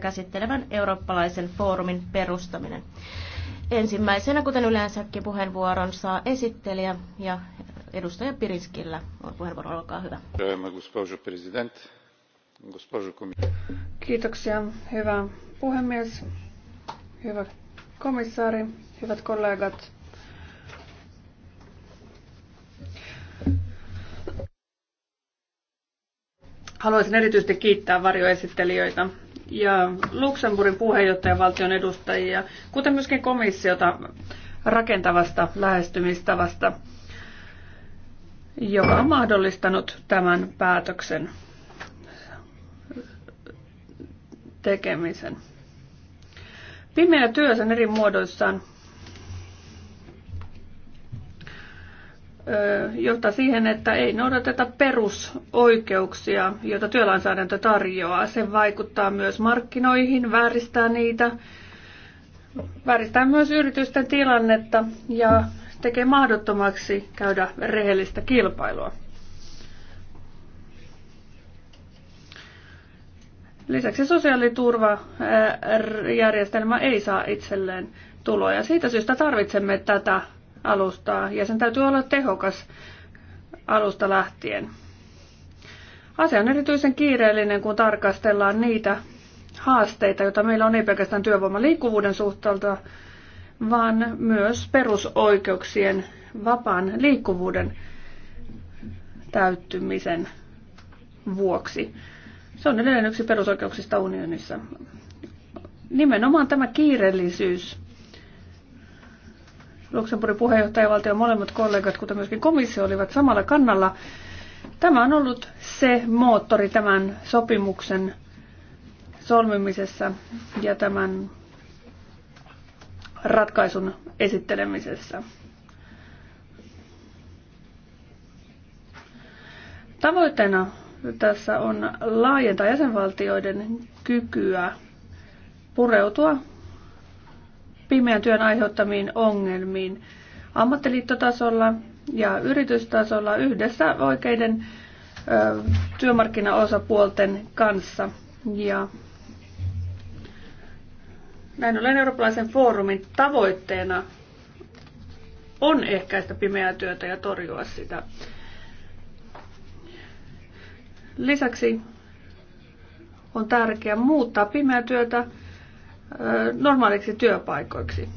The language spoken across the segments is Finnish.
käsittelevän eurooppalaisen foorumin perustaminen. Ensimmäisenä, kuten yleensäkin, puheenvuoron saa esittelijä ja edustaja Pirinskillä puheenvuoro, olkaa hyvä. Kiitoksia, hyvä puhemies, hyvä komissaari, hyvät kollegat. Haluaisin erityisesti kiittää varjoesittelijöitä ja Luxemburgin puheenjohtajavaltion edustajia, kuten myöskin komissiota rakentavasta lähestymistavasta, joka on mahdollistanut tämän päätöksen tekemisen. Pimeä työ sen eri muodoissaan johtaa siihen, että ei noudateta perusoikeuksia, joita työlainsäädäntö tarjoaa. Se vaikuttaa myös markkinoihin, vääristää niitä, vääristää myös yritysten tilannetta ja tekee mahdottomaksi käydä rehellistä kilpailua. Lisäksi sosiaaliturvajärjestelmä ei saa itselleen tuloja. Siitä syystä tarvitsemme tätä alustaa ja sen täytyy olla tehokas alusta lähtien. Asia on erityisen kiireellinen, kun tarkastellaan niitä haasteita, joita meillä on ei pelkästään työvoiman liikkuvuuden suhtalta, vaan myös perusoikeuksien vapaan liikkuvuuden täyttymisen vuoksi. Se on edelleen yksi perusoikeuksista unionissa. Nimenomaan tämä kiireellisyys Luxemburgin puheenjohtajavaltion molemmat kollegat, kuten myöskin komissio, olivat samalla kannalla. Tämä on ollut se moottori tämän sopimuksen solmimisessa ja tämän ratkaisun esittelemisessä. Tavoitteena tässä on laajentaa jäsenvaltioiden kykyä pureutua pimeän työn aiheuttamiin ongelmiin ammattiliittotasolla ja yritystasolla yhdessä oikeiden ö, työmarkkinaosapuolten kanssa. Ja näin ollen eurooppalaisen foorumin tavoitteena on ehkäistä pimeää työtä ja torjua sitä. Lisäksi on tärkeää muuttaa pimeää työtä normaaliksi työpaikoiksi.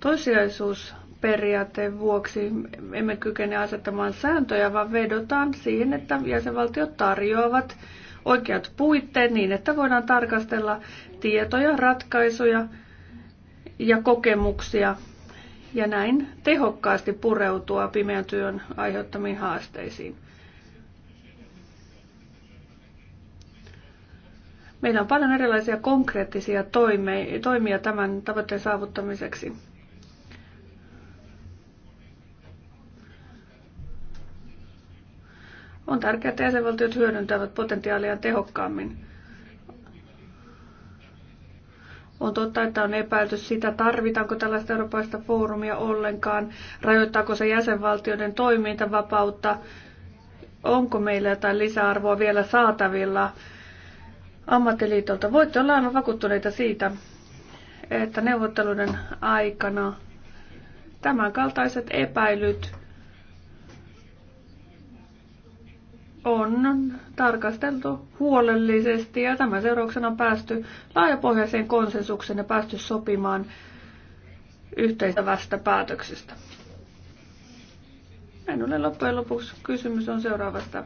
Toissijaisuusperiaatteen vuoksi emme kykene asettamaan sääntöjä, vaan vedotaan siihen, että jäsenvaltiot tarjoavat oikeat puitteet niin, että voidaan tarkastella tietoja, ratkaisuja ja kokemuksia ja näin tehokkaasti pureutua pimeän työn aiheuttamiin haasteisiin. Meillä on paljon erilaisia konkreettisia toimia tämän tavoitteen saavuttamiseksi. On tärkeää, että jäsenvaltiot hyödyntävät potentiaaliaan tehokkaammin. On totta, että on epäilty sitä, tarvitaanko tällaista eurooppalaista foorumia ollenkaan, rajoittaako se jäsenvaltioiden toimintavapautta, onko meillä jotain lisäarvoa vielä saatavilla ammattiliitolta. Voitte olla aivan vakuuttuneita siitä, että neuvotteluiden aikana tämän kaltaiset epäilyt on tarkasteltu huolellisesti ja tämän seurauksena on päästy laajapohjaiseen konsensukseen ja päästy sopimaan yhteistävästä päätöksestä. Näin ollen loppujen lopuksi kysymys on seuraavasta.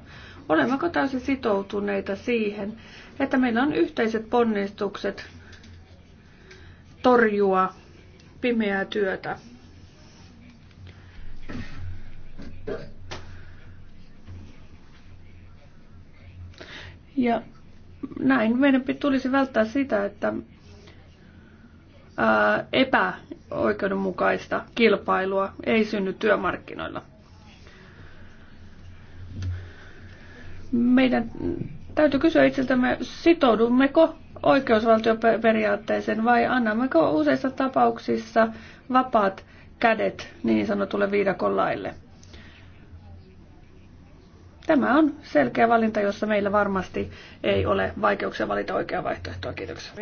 Olemmeko täysin sitoutuneita siihen, että meillä on yhteiset ponnistukset torjua pimeää työtä? Ja näin meidän tulisi välttää sitä, että epäoikeudenmukaista kilpailua ei synny työmarkkinoilla. meidän täytyy kysyä itseltämme, sitoudummeko oikeusvaltioperiaatteeseen vai annammeko useissa tapauksissa vapaat kädet niin sanotulle viidakon laille. Tämä on selkeä valinta, jossa meillä varmasti ei ole vaikeuksia valita oikeaa vaihtoehtoa. Kiitoksia.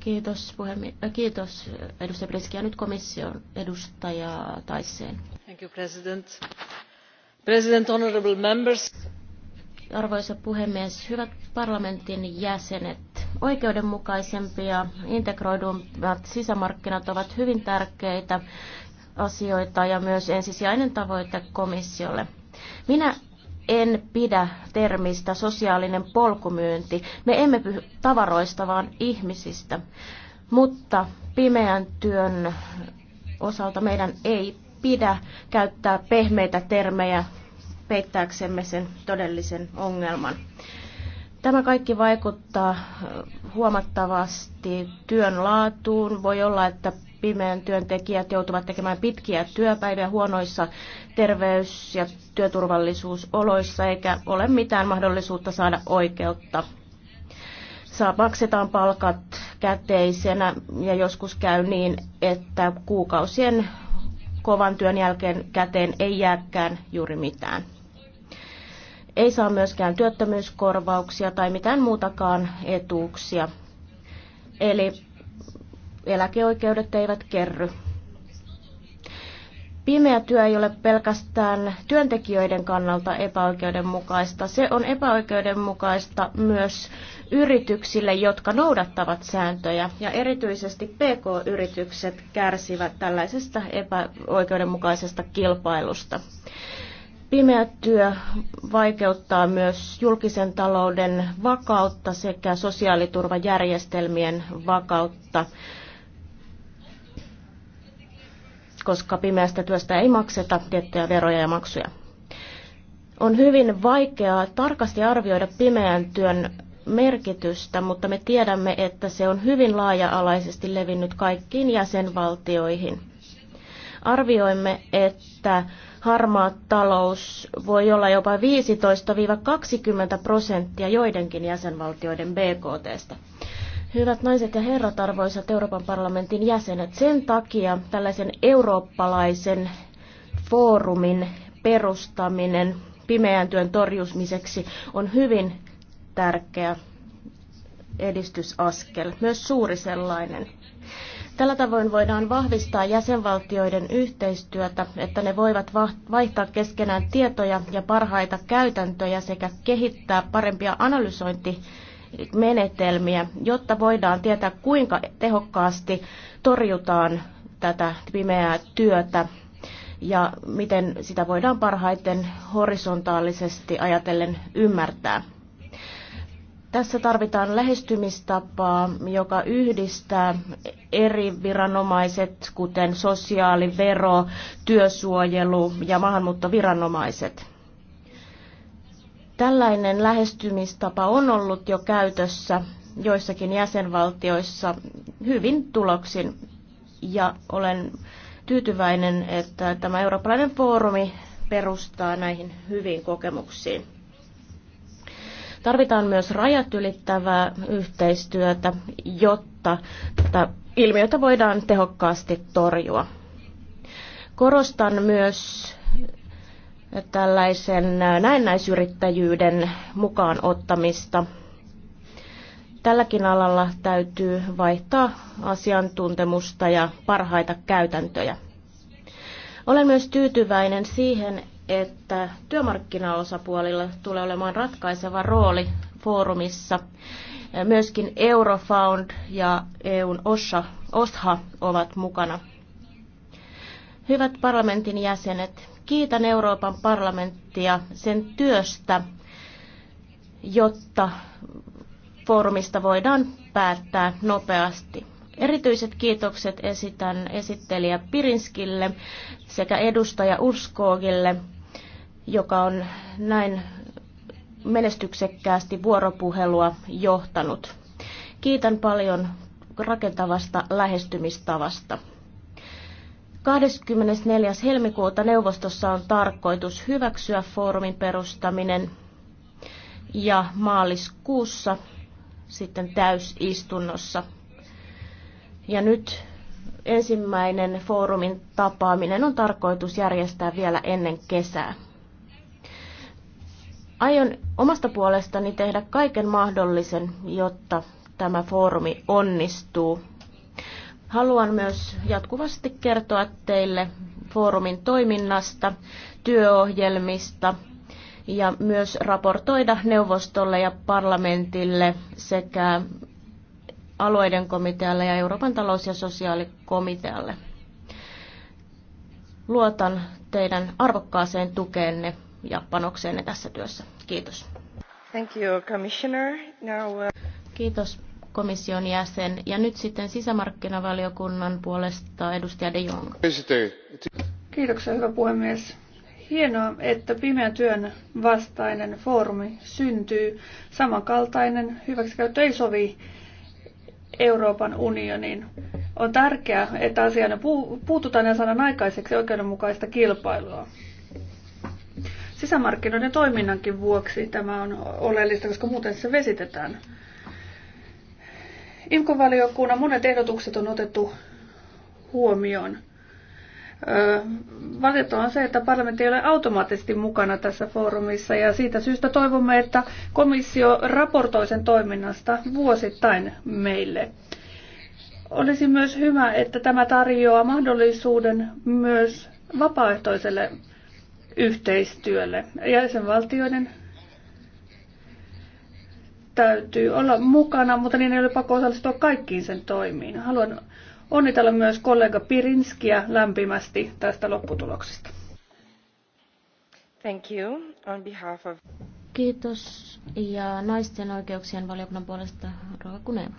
Kiitos, puhemi- äh, Kiitos edustaja Brinski. Ja nyt komission edustaja Taisseen. Thank you, President. Arvoisa puhemies, hyvät parlamentin jäsenet, oikeudenmukaisempi ja integroidummat sisämarkkinat ovat hyvin tärkeitä asioita ja myös ensisijainen tavoite komissiolle. Minä en pidä termistä sosiaalinen polkumyynti. Me emme puhu tavaroista, vaan ihmisistä. Mutta pimeän työn osalta meidän ei pidä käyttää pehmeitä termejä peittääksemme sen todellisen ongelman. Tämä kaikki vaikuttaa huomattavasti työn laatuun. Voi olla, että pimeän työntekijät joutuvat tekemään pitkiä työpäiviä huonoissa terveys- ja työturvallisuusoloissa, eikä ole mitään mahdollisuutta saada oikeutta. Saa, maksetaan palkat käteisenä ja joskus käy niin, että kuukausien kovan työn jälkeen käteen ei jääkään juuri mitään. Ei saa myöskään työttömyyskorvauksia tai mitään muutakaan etuuksia. Eli eläkeoikeudet eivät kerry. Pimeä työ ei ole pelkästään työntekijöiden kannalta epäoikeudenmukaista. Se on epäoikeudenmukaista myös yrityksille, jotka noudattavat sääntöjä, ja erityisesti PK-yritykset kärsivät tällaisesta epäoikeudenmukaisesta kilpailusta. Pimeä työ vaikeuttaa myös julkisen talouden vakautta sekä sosiaaliturvajärjestelmien vakautta, koska pimeästä työstä ei makseta tiettyjä veroja ja maksuja on hyvin vaikeaa tarkasti arvioida pimeän työn merkitystä, mutta me tiedämme, että se on hyvin laaja-alaisesti levinnyt kaikkiin jäsenvaltioihin. Arvioimme, että harmaa talous voi olla jopa 15-20 prosenttia joidenkin jäsenvaltioiden BKTstä. Hyvät naiset ja herrat, arvoisat Euroopan parlamentin jäsenet, sen takia tällaisen eurooppalaisen foorumin perustaminen pimeän työn torjumiseksi on hyvin tärkeä edistysaskel, myös suuri sellainen. Tällä tavoin voidaan vahvistaa jäsenvaltioiden yhteistyötä, että ne voivat vaihtaa keskenään tietoja ja parhaita käytäntöjä sekä kehittää parempia analysointimenetelmiä, jotta voidaan tietää, kuinka tehokkaasti torjutaan tätä pimeää työtä ja miten sitä voidaan parhaiten horisontaalisesti ajatellen ymmärtää. Tässä tarvitaan lähestymistapaa, joka yhdistää eri viranomaiset, kuten sosiaali, vero, työsuojelu ja maahanmuuttoviranomaiset. Tällainen lähestymistapa on ollut jo käytössä joissakin jäsenvaltioissa hyvin tuloksin ja olen tyytyväinen, että tämä eurooppalainen foorumi perustaa näihin hyviin kokemuksiin. Tarvitaan myös rajat ylittävää yhteistyötä, jotta tätä ilmiötä voidaan tehokkaasti torjua. Korostan myös tällaisen näennäisyrittäjyyden mukaan ottamista. Tälläkin alalla täytyy vaihtaa asiantuntemusta ja parhaita käytäntöjä. Olen myös tyytyväinen siihen, että työmarkkinaosapuolilla tulee olemaan ratkaiseva rooli foorumissa. Myöskin Eurofound ja EUn OSHA, OSHA ovat mukana. Hyvät parlamentin jäsenet, kiitän Euroopan parlamenttia sen työstä, jotta foorumista voidaan päättää nopeasti. Erityiset kiitokset esitän esittelijä Pirinskille sekä edustaja Urskoogille joka on näin menestyksekkäästi vuoropuhelua johtanut. Kiitän paljon rakentavasta lähestymistavasta. 24. helmikuuta neuvostossa on tarkoitus hyväksyä foorumin perustaminen ja maaliskuussa sitten täysistunnossa. Ja nyt ensimmäinen foorumin tapaaminen on tarkoitus järjestää vielä ennen kesää. Aion omasta puolestani tehdä kaiken mahdollisen, jotta tämä foorumi onnistuu. Haluan myös jatkuvasti kertoa teille foorumin toiminnasta, työohjelmista ja myös raportoida neuvostolle ja parlamentille sekä alueiden komitealle ja Euroopan talous- ja sosiaalikomitealle. Luotan teidän arvokkaaseen tukeenne ja panokseenne tässä työssä. Kiitos. Thank you, Commissioner. Now, uh... Kiitos komission jäsen. Ja nyt sitten sisämarkkinavaliokunnan puolesta edustaja De Jong. Kiitoksia, hyvä puhemies. Hienoa, että pimeän työn vastainen foorumi syntyy. Samankaltainen hyväksikäyttö ei sovi Euroopan unioniin. On tärkeää, että asiaan puututaan ja saadaan aikaiseksi oikeudenmukaista kilpailua sisämarkkinoiden toiminnankin vuoksi tämä on oleellista, koska muuten se vesitetään. Imkovaliokunnan monet ehdotukset on otettu huomioon. Valitettava on se, että parlamentti ei ole automaattisesti mukana tässä foorumissa ja siitä syystä toivomme, että komissio raportoi sen toiminnasta vuosittain meille. Olisi myös hyvä, että tämä tarjoaa mahdollisuuden myös vapaaehtoiselle yhteistyölle. Jäsenvaltioiden täytyy olla mukana, mutta niin ei ole pakko osallistua kaikkiin sen toimiin. Haluan onnitella myös kollega Pirinskiä lämpimästi tästä lopputuloksesta. Thank you. On behalf of... Kiitos. Ja naisten oikeuksien valiokunnan puolesta Rova Kuneva.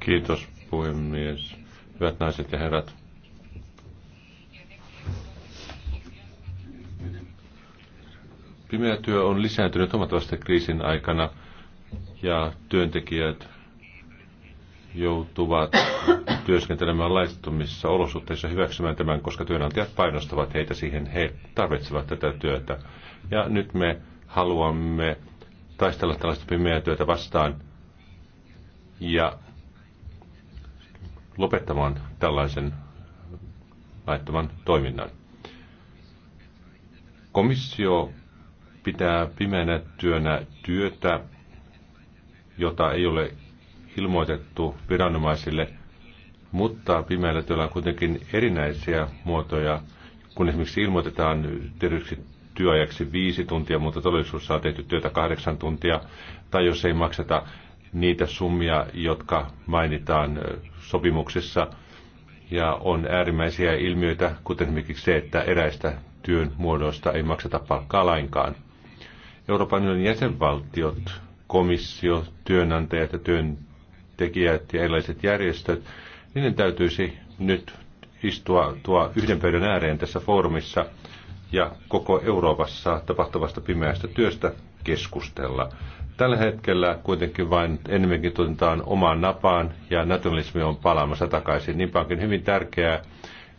Kiitos puhemies hyvät naiset ja herrat. Pimeä työ on lisääntynyt huomattavasti kriisin aikana ja työntekijät joutuvat työskentelemään laittomissa olosuhteissa hyväksymään tämän, koska työnantajat painostavat heitä siihen, he tarvitsevat tätä työtä. Ja nyt me haluamme taistella tällaista pimeää työtä vastaan ja lopettamaan tällaisen laittoman toiminnan. Komissio pitää pimeänä työnä työtä, jota ei ole ilmoitettu viranomaisille, mutta pimeällä työllä on kuitenkin erinäisiä muotoja, kun esimerkiksi ilmoitetaan tietysti työajaksi viisi tuntia, mutta todellisuudessa on tehty työtä kahdeksan tuntia, tai jos ei makseta niitä summia, jotka mainitaan sopimuksissa ja on äärimmäisiä ilmiöitä, kuten esimerkiksi se, että eräistä työn muodoista ei makseta palkkaa lainkaan. Euroopan unionin jäsenvaltiot, komissio, työnantajat ja työntekijät ja erilaiset järjestöt, niiden täytyisi nyt istua tuo yhden pöydän ääreen tässä foorumissa ja koko Euroopassa tapahtuvasta pimeästä työstä keskustella. Tällä hetkellä kuitenkin vain enemmänkin tunnetaan omaan napaan ja nationalismi on palaamassa takaisin. Niinpä onkin hyvin tärkeää,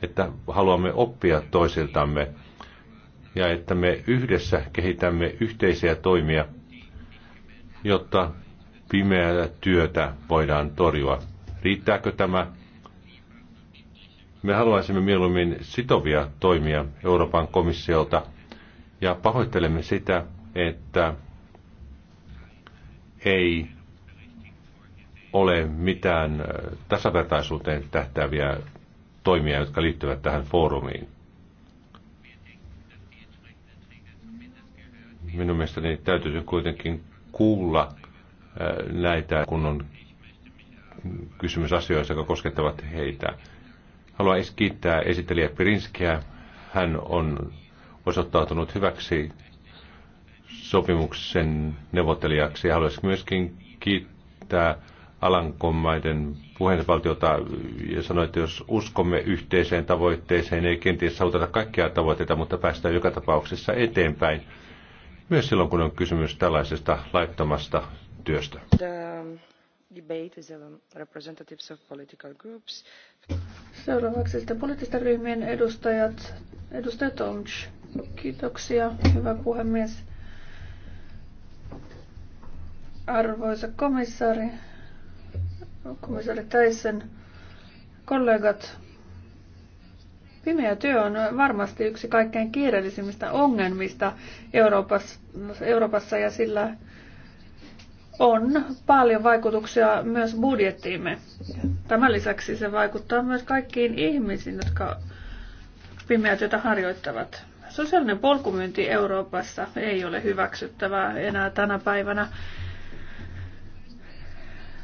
että haluamme oppia toisiltamme ja että me yhdessä kehitämme yhteisiä toimia, jotta pimeää työtä voidaan torjua. Riittääkö tämä? Me haluaisimme mieluummin sitovia toimia Euroopan komissiolta ja pahoittelemme sitä, että ei ole mitään äh, tasavertaisuuteen tähtääviä toimia, jotka liittyvät tähän foorumiin. Minun mielestäni täytyy kuitenkin kuulla äh, näitä, kun on kysymys asioista, jotka koskettavat heitä. Haluan kiittää esittelijä Pirinskiä. Hän on osoittautunut hyväksi sopimuksen neuvottelijaksi. Haluaisin myöskin kiittää Alankomaiden puheenvaltiota ja sanoa, että jos uskomme yhteiseen tavoitteeseen, ei kenties saavuteta kaikkia tavoitteita, mutta päästään joka tapauksessa eteenpäin. Myös silloin, kun on kysymys tällaisesta laittomasta työstä. Seuraavaksi sitten poliittisten ryhmien edustajat. Edustaja Tomch. Kiitoksia, hyvä puhemies. Arvoisa komissaari, komissaari Täisen, kollegat, Pimeä työ on varmasti yksi kaikkein kiireellisimmistä ongelmista Euroopassa, Euroopassa ja sillä on paljon vaikutuksia myös budjettiimme. Tämän lisäksi se vaikuttaa myös kaikkiin ihmisiin, jotka pimeää työtä harjoittavat. Sosiaalinen polkumyynti Euroopassa ei ole hyväksyttävää enää tänä päivänä.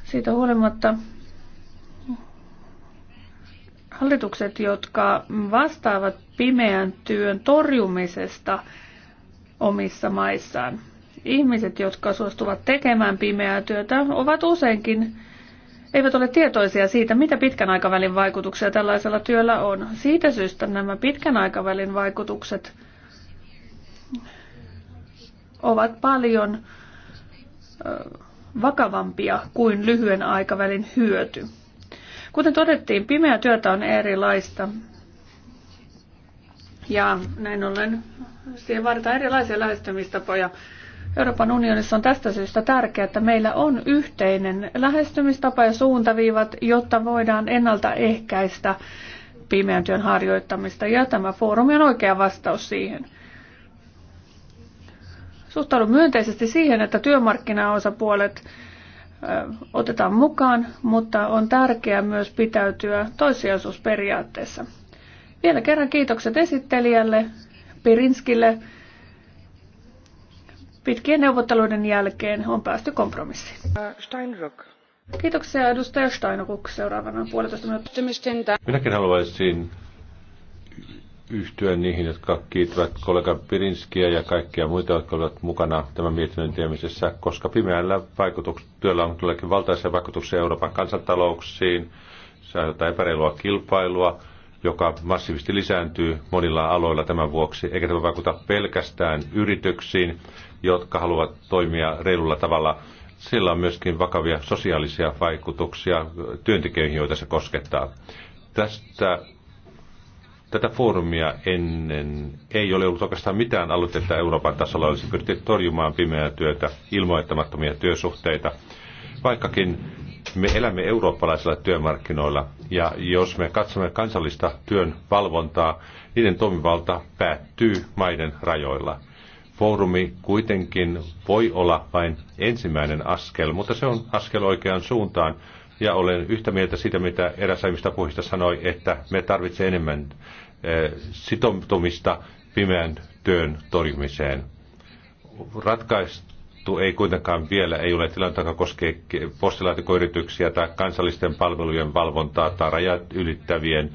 Siitä huolimatta hallitukset, jotka vastaavat pimeän työn torjumisesta omissa maissaan, ihmiset, jotka suostuvat tekemään pimeää työtä, ovat useinkin eivät ole tietoisia siitä, mitä pitkän aikavälin vaikutuksia tällaisella työllä on. Siitä syystä nämä pitkän aikavälin vaikutukset ovat paljon ö, vakavampia kuin lyhyen aikavälin hyöty. Kuten todettiin, pimeää työtä on erilaista. Ja näin ollen siihen vaaditaan erilaisia lähestymistapoja. Euroopan unionissa on tästä syystä tärkeää, että meillä on yhteinen lähestymistapa ja suuntaviivat, jotta voidaan ennaltaehkäistä pimeän työn harjoittamista. Ja tämä foorumi on oikea vastaus siihen – suhtaudun myönteisesti siihen, että työmarkkinaosapuolet otetaan mukaan, mutta on tärkeää myös pitäytyä toissijaisuusperiaatteessa. Vielä kerran kiitokset esittelijälle, Pirinskille. Pitkien neuvotteluiden jälkeen on päästy kompromissiin. Steinruck. Kiitoksia edustaja Steinruck. Seuraavana puolitoista minuuttia. Minäkin haluaisin yhtyä niihin, jotka kiittävät kollega Pirinskiä ja kaikkia muita, jotka olivat mukana tämän mietinnön tiemisessä, koska pimeällä työllä on kylläkin valtaisia vaikutuksia Euroopan kansantalouksiin, se epäreilua kilpailua, joka massiivisesti lisääntyy monilla aloilla tämän vuoksi, eikä tämä vaikuta pelkästään yrityksiin, jotka haluavat toimia reilulla tavalla. Sillä on myöskin vakavia sosiaalisia vaikutuksia työntekijöihin, joita se koskettaa. Tästä tätä foorumia ennen ei ole ollut oikeastaan mitään aloitetta Euroopan tasolla, olisi pyritty torjumaan pimeää työtä, ilmoittamattomia työsuhteita. Vaikkakin me elämme eurooppalaisilla työmarkkinoilla, ja jos me katsomme kansallista työn valvontaa, niiden toimivalta päättyy maiden rajoilla. Foorumi kuitenkin voi olla vain ensimmäinen askel, mutta se on askel oikeaan suuntaan, ja olen yhtä mieltä siitä, mitä eräs aiemmista puhista sanoi, että me tarvitsemme enemmän eh, sitoutumista pimeän työn torjumiseen. Ratkaistu ei kuitenkaan vielä, ei ole tilanne, joka koskee postilaatikoyrityksiä tai kansallisten palvelujen valvontaa tai rajat ylittävien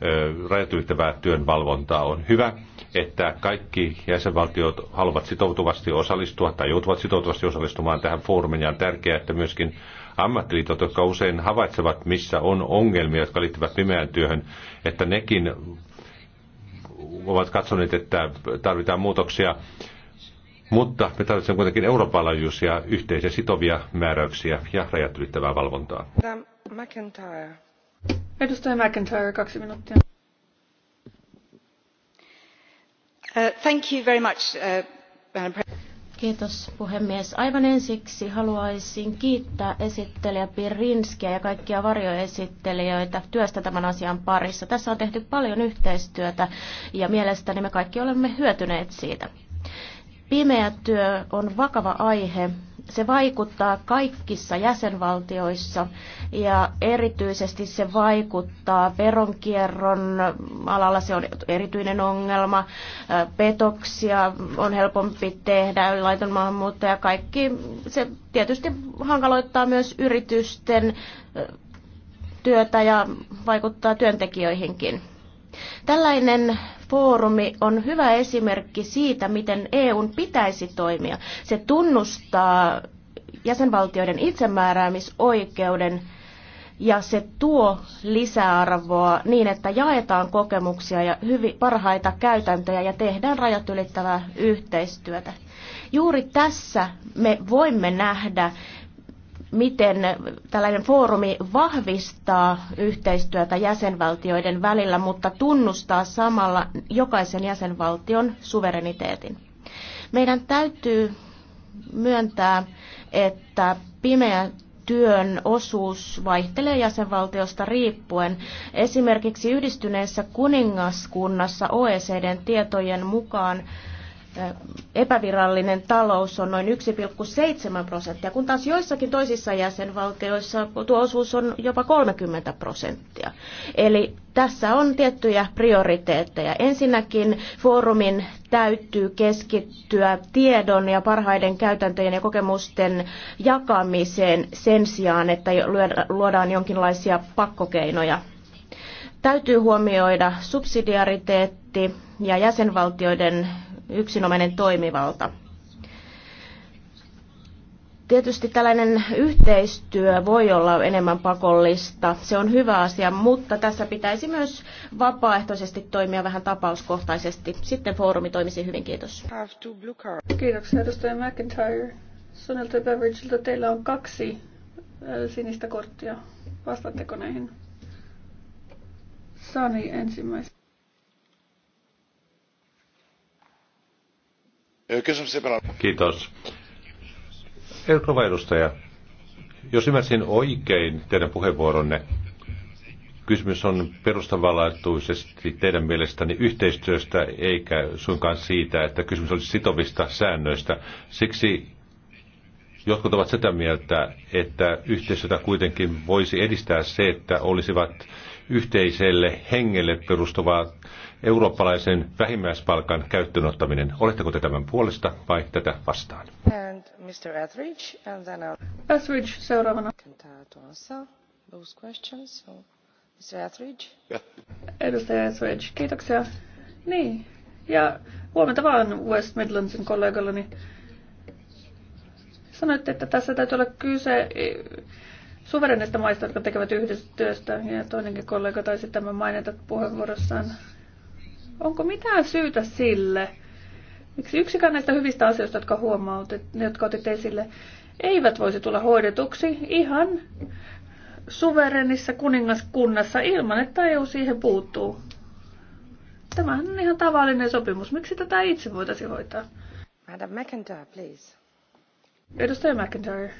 eh, rajat ylittävää työn valvontaa. On hyvä, että kaikki jäsenvaltiot haluavat sitoutuvasti osallistua tai joutuvat sitoutuvasti osallistumaan tähän foorumiin ja on tärkeää, että myöskin ammattiliitot, jotka usein havaitsevat, missä on ongelmia, jotka liittyvät pimeään työhön, että nekin ovat katsoneet, että tarvitaan muutoksia. Mutta me tarvitsemme kuitenkin Euroopan laajuisia yhteisiä sitovia määräyksiä ja rajat ylittävää valvontaa. McIntyre. Edustaja McIntyre, kaksi minuuttia. Uh, thank you very much, uh, Kiitos puhemies. Aivan ensiksi haluaisin kiittää esittelijä Pirinskiä ja kaikkia varjoesittelijöitä työstä tämän asian parissa. Tässä on tehty paljon yhteistyötä ja mielestäni me kaikki olemme hyötyneet siitä. Pimeä työ on vakava aihe, se vaikuttaa kaikissa jäsenvaltioissa ja erityisesti se vaikuttaa veronkierron alalla, se on erityinen ongelma, petoksia on helpompi tehdä, laiton maahanmuutto ja kaikki. Se tietysti hankaloittaa myös yritysten työtä ja vaikuttaa työntekijöihinkin. Tällainen foorumi on hyvä esimerkki siitä, miten EUn pitäisi toimia. Se tunnustaa jäsenvaltioiden itsemääräämisoikeuden ja se tuo lisäarvoa niin, että jaetaan kokemuksia ja hyvi, parhaita käytäntöjä ja tehdään rajat ylittävää yhteistyötä. Juuri tässä me voimme nähdä, miten tällainen foorumi vahvistaa yhteistyötä jäsenvaltioiden välillä, mutta tunnustaa samalla jokaisen jäsenvaltion suvereniteetin. Meidän täytyy myöntää, että pimeä työn osuus vaihtelee jäsenvaltiosta riippuen. Esimerkiksi yhdistyneessä kuningaskunnassa OECDn tietojen mukaan epävirallinen talous on noin 1,7 prosenttia, kun taas joissakin toisissa jäsenvaltioissa tuo osuus on jopa 30 prosenttia. Eli tässä on tiettyjä prioriteetteja. Ensinnäkin foorumin täytyy keskittyä tiedon ja parhaiden käytäntöjen ja kokemusten jakamiseen sen sijaan, että luodaan jonkinlaisia pakkokeinoja täytyy huomioida subsidiariteetti ja jäsenvaltioiden yksinomainen toimivalta. Tietysti tällainen yhteistyö voi olla enemmän pakollista, se on hyvä asia, mutta tässä pitäisi myös vapaaehtoisesti toimia vähän tapauskohtaisesti. Sitten foorumi toimisi hyvin, kiitos. Kiitoksia edustaja McIntyre. Sunilta Beveridgeilta teillä on kaksi äh, sinistä korttia. Vastaatteko näihin? Sani ensimmäisenä. Kiitos. Euroopan edustaja, jos ymmärsin oikein teidän puheenvuoronne, kysymys on perustavanlaatuisesti teidän mielestäni yhteistyöstä eikä suinkaan siitä, että kysymys olisi sitovista säännöistä. Siksi jotkut ovat sitä mieltä, että yhteistyötä kuitenkin voisi edistää se, että olisivat yhteiselle hengelle perustuvat eurooppalaisen vähimmäispalkan käyttöönottaminen. Oletteko te tämän puolesta vai tätä vastaan? And Mr. Etheridge, and then I'll... Etheridge seuraavana. Those questions, so Mr. Etheridge. Yeah. Edustaja Etheridge, kiitoksia. Niin, ja huomenta vaan West Midlandsin kollegallani. Sanoitte, että tässä täytyy olla kyse e, suverenista maista, jotka tekevät yhdistyöstä, ja toinenkin kollega taisi tämän mainita puheenvuorossaan. Onko mitään syytä sille, miksi yksikään näistä hyvistä asioista, jotka, huomautit, jotka otit esille, eivät voisi tulla hoidetuksi ihan suverenissa kuningaskunnassa ilman, että EU siihen puuttuu? Tämähän on ihan tavallinen sopimus. Miksi tätä itse voitaisiin hoitaa? Madam McIntyre, please. Edustaja McIntyre.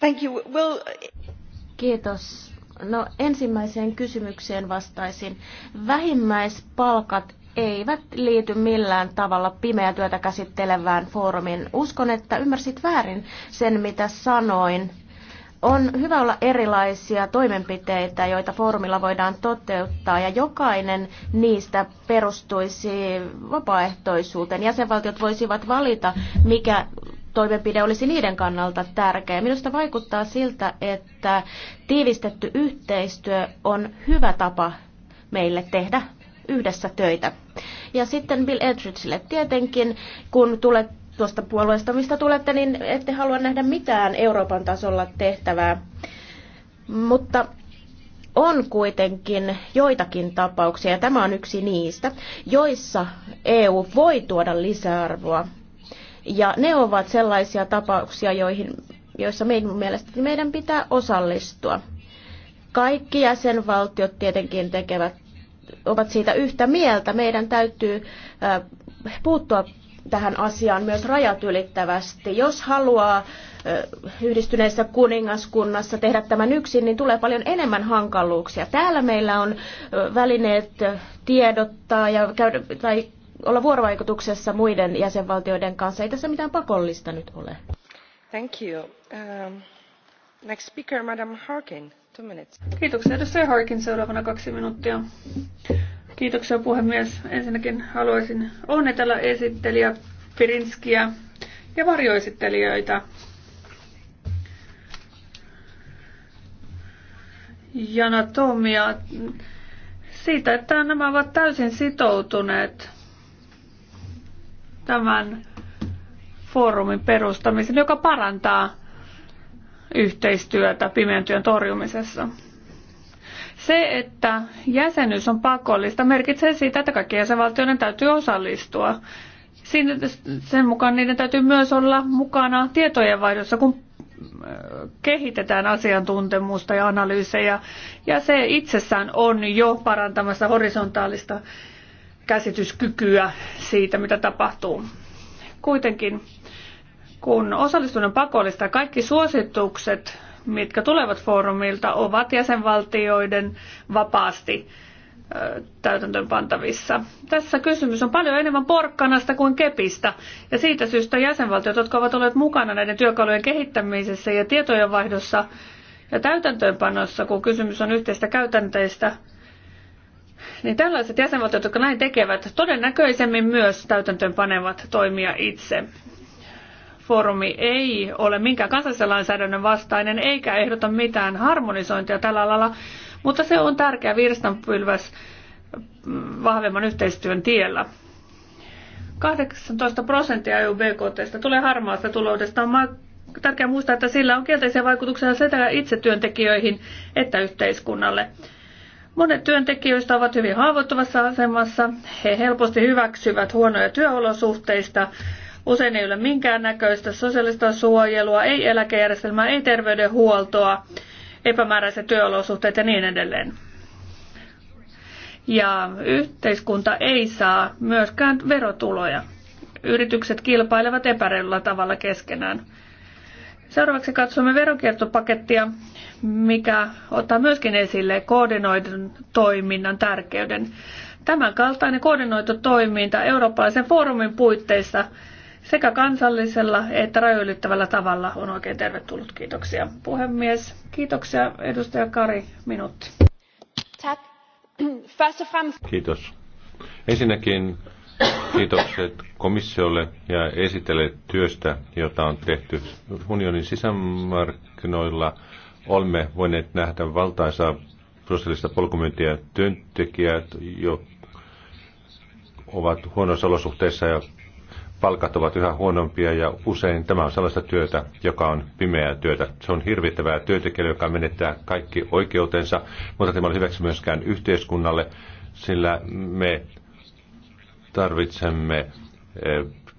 Thank you. Well... Kiitos. No ensimmäiseen kysymykseen vastaisin. Vähimmäispalkat eivät liity millään tavalla pimeä työtä käsittelevään foorumiin. Uskon, että ymmärsit väärin sen, mitä sanoin. On hyvä olla erilaisia toimenpiteitä, joita foorumilla voidaan toteuttaa, ja jokainen niistä perustuisi vapaaehtoisuuteen. Jäsenvaltiot voisivat valita, mikä toimenpide olisi niiden kannalta tärkeä. Minusta vaikuttaa siltä, että tiivistetty yhteistyö on hyvä tapa meille tehdä yhdessä töitä. Ja sitten Bill Edridgelle tietenkin, kun tulet tuosta puolueesta, mistä tulette, niin ette halua nähdä mitään Euroopan tasolla tehtävää. Mutta on kuitenkin joitakin tapauksia, ja tämä on yksi niistä, joissa EU voi tuoda lisäarvoa ja ne ovat sellaisia tapauksia, joihin, joissa meidän mielestäni meidän pitää osallistua. Kaikki jäsenvaltiot tietenkin tekevät, ovat siitä yhtä mieltä. Meidän täytyy puuttua tähän asiaan myös rajat ylittävästi. Jos haluaa yhdistyneessä kuningaskunnassa tehdä tämän yksin, niin tulee paljon enemmän hankaluuksia. Täällä meillä on välineet tiedottaa ja käydä, tai olla vuorovaikutuksessa muiden jäsenvaltioiden kanssa. Ei tässä mitään pakollista nyt ole. Thank you. Um, next speaker, Madam Harkin. Two minutes. Kiitoksia edustaja Harkin. Seuraavana kaksi minuuttia. Kiitoksia puhemies. Ensinnäkin haluaisin onnitella esittelijä Pirinskiä ja varjoesittelijöitä Janatomia siitä, että nämä ovat täysin sitoutuneet tämän foorumin perustamisen, joka parantaa yhteistyötä pimeän työn torjumisessa. Se, että jäsenyys on pakollista, merkitsee sitä, että kaikkien jäsenvaltioiden täytyy osallistua. sen mukaan niiden täytyy myös olla mukana tietojenvaihdossa, kun äh, kehitetään asiantuntemusta ja analyysejä. Ja se itsessään on jo parantamassa horisontaalista käsityskykyä siitä, mitä tapahtuu. Kuitenkin, kun osallistuminen pakollista, kaikki suositukset, mitkä tulevat foorumilta, ovat jäsenvaltioiden vapaasti täytäntöön pantavissa. Tässä kysymys on paljon enemmän porkkanasta kuin kepistä, ja siitä syystä jäsenvaltiot, jotka ovat olleet mukana näiden työkalujen kehittämisessä ja tietojenvaihdossa ja täytäntöönpanossa, kun kysymys on yhteistä käytänteistä, niin tällaiset jäsenvaltiot, jotka näin tekevät, todennäköisemmin myös täytäntöönpanevat toimia itse. Foorumi ei ole minkään kansallisen lainsäädännön vastainen eikä ehdota mitään harmonisointia tällä alalla, mutta se on tärkeä virstanpylväs vahvemman yhteistyön tiellä. 18 prosenttia EU-BKTstä tulee harmaasta tuloudesta. On tärkeää muistaa, että sillä on kielteisiä vaikutuksia sekä itse työntekijöihin että yhteiskunnalle. Monet työntekijöistä ovat hyvin haavoittuvassa asemassa. He helposti hyväksyvät huonoja työolosuhteista. Usein ei ole minkäännäköistä sosiaalista suojelua, ei eläkejärjestelmää, ei terveydenhuoltoa, epämääräiset työolosuhteet ja niin edelleen. Ja yhteiskunta ei saa myöskään verotuloja. Yritykset kilpailevat epäreilulla tavalla keskenään. Seuraavaksi katsomme verokiertopakettia, mikä ottaa myöskin esille koordinoidun toiminnan tärkeyden. Tämän kaltainen koordinoitu toiminta eurooppalaisen foorumin puitteissa sekä kansallisella että rajoylittävällä tavalla on oikein tervetullut. Kiitoksia puhemies. Kiitoksia edustaja Kari, minuutti. Kiitos. Ensinnäkin Kiitokset komissiolle ja esitelle työstä, jota on tehty unionin sisämarkkinoilla. Olemme voineet nähdä valtaisaa sosiaalista polkumyyntiä työntekijät, jo ovat huonoissa olosuhteissa ja palkat ovat yhä huonompia ja usein tämä on sellaista työtä, joka on pimeää työtä. Se on hirvittävää työntekijä, joka menettää kaikki oikeutensa, mutta tämä on hyväksi myöskään yhteiskunnalle, sillä me tarvitsemme eh,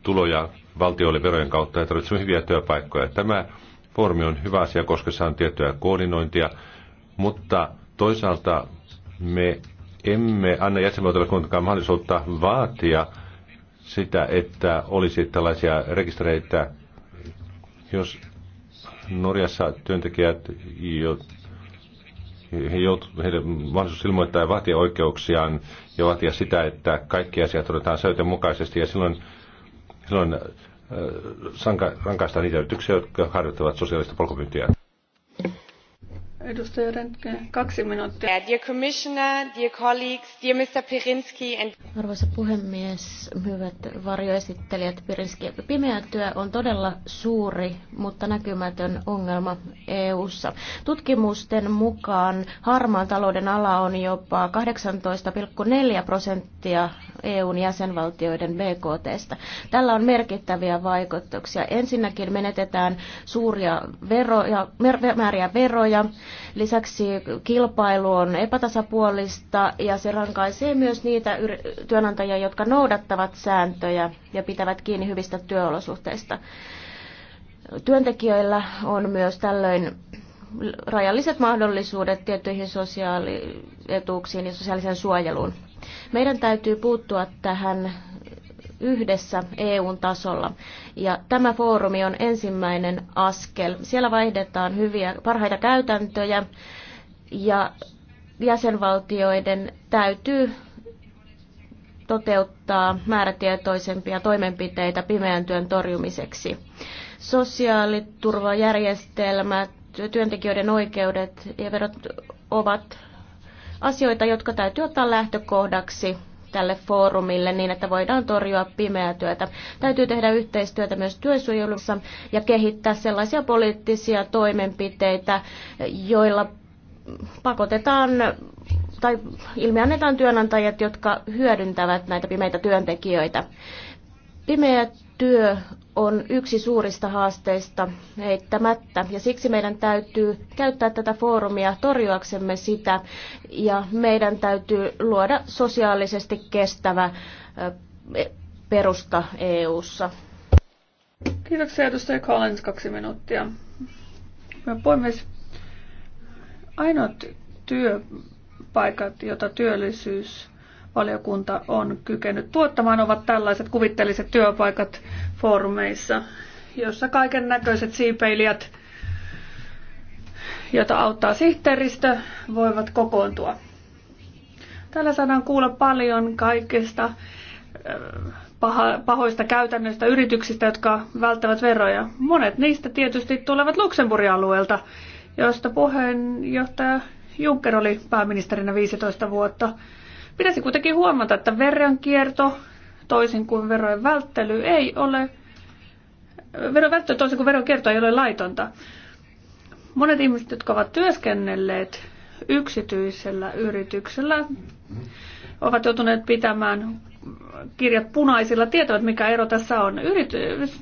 tuloja valtiolle verojen kautta ja tarvitsemme hyviä työpaikkoja. Tämä foorumi on hyvä asia, koska se on tiettyä koordinointia, mutta toisaalta me emme anna jäsenvaltioille kuitenkaan mahdollisuutta vaatia sitä, että olisi tällaisia rekistereitä, jos Norjassa työntekijät, jo, he joutu, heidän mahdollisuus ilmoittaa ja vaatia oikeuksiaan ja vaatia sitä, että kaikki asiat otetaan säytön mukaisesti ja silloin, silloin äh, sanka, rankaistaan niitä yrityksiä, jotka harjoittavat sosiaalista polkupyyntiä. Edustaja Rentke, kaksi minuuttia. Dear Commissioner, dear colleagues, dear Mr. Pirinski and... Arvoisa puhemies, hyvät varjoesittelijät Pirinski. Pimeä työ on todella suuri, mutta näkymätön ongelma EU:ssa. Tutkimusten mukaan harmaan talouden ala on jopa 18,4 prosenttia EUn jäsenvaltioiden BKTstä. Tällä on merkittäviä vaikutuksia. Ensinnäkin menetetään suuria veroja, määriä veroja, Lisäksi kilpailu on epätasapuolista ja se rankaisee myös niitä työnantajia, jotka noudattavat sääntöjä ja pitävät kiinni hyvistä työolosuhteista. Työntekijöillä on myös tällöin rajalliset mahdollisuudet tiettyihin sosiaalietuuksiin ja sosiaaliseen suojeluun. Meidän täytyy puuttua tähän yhdessä EUn tasolla. Ja tämä foorumi on ensimmäinen askel. Siellä vaihdetaan hyviä, parhaita käytäntöjä ja jäsenvaltioiden täytyy toteuttaa määrätietoisempia toimenpiteitä pimeän työn torjumiseksi. Sosiaaliturvajärjestelmät, työntekijöiden oikeudet ja verot ovat asioita, jotka täytyy ottaa lähtökohdaksi tälle foorumille niin, että voidaan torjua pimeää työtä. Täytyy tehdä yhteistyötä myös työsuojelussa ja kehittää sellaisia poliittisia toimenpiteitä, joilla pakotetaan tai ilmiannetaan työnantajat, jotka hyödyntävät näitä pimeitä työntekijöitä. Pimeät työ on yksi suurista haasteista heittämättä ja siksi meidän täytyy käyttää tätä foorumia torjuaksemme sitä ja meidän täytyy luoda sosiaalisesti kestävä perusta EU:ssa. Kiitoksia edustaja Collins, kaksi minuuttia. puhemies. Ainoat työpaikat, joita työllisyys valiokunta on kykenyt tuottamaan, ovat tällaiset kuvitteelliset työpaikat foorumeissa, jossa kaiken näköiset siipeilijät, joita auttaa sihteeristö, voivat kokoontua. Täällä saadaan kuulla paljon kaikista pahoista käytännöistä yrityksistä, jotka välttävät veroja. Monet niistä tietysti tulevat Luxemburgin alueelta, josta puheenjohtaja Juncker oli pääministerinä 15 vuotta. Pitäisi kuitenkin huomata, että veronkierto toisin kuin verojen välttely ei ole, veron välttely toisin kuin kierto ei ole laitonta. Monet ihmiset, jotka ovat työskennelleet yksityisellä yrityksellä, ovat joutuneet pitämään kirjat punaisilla, tietävät mikä ero tässä on. Yrity-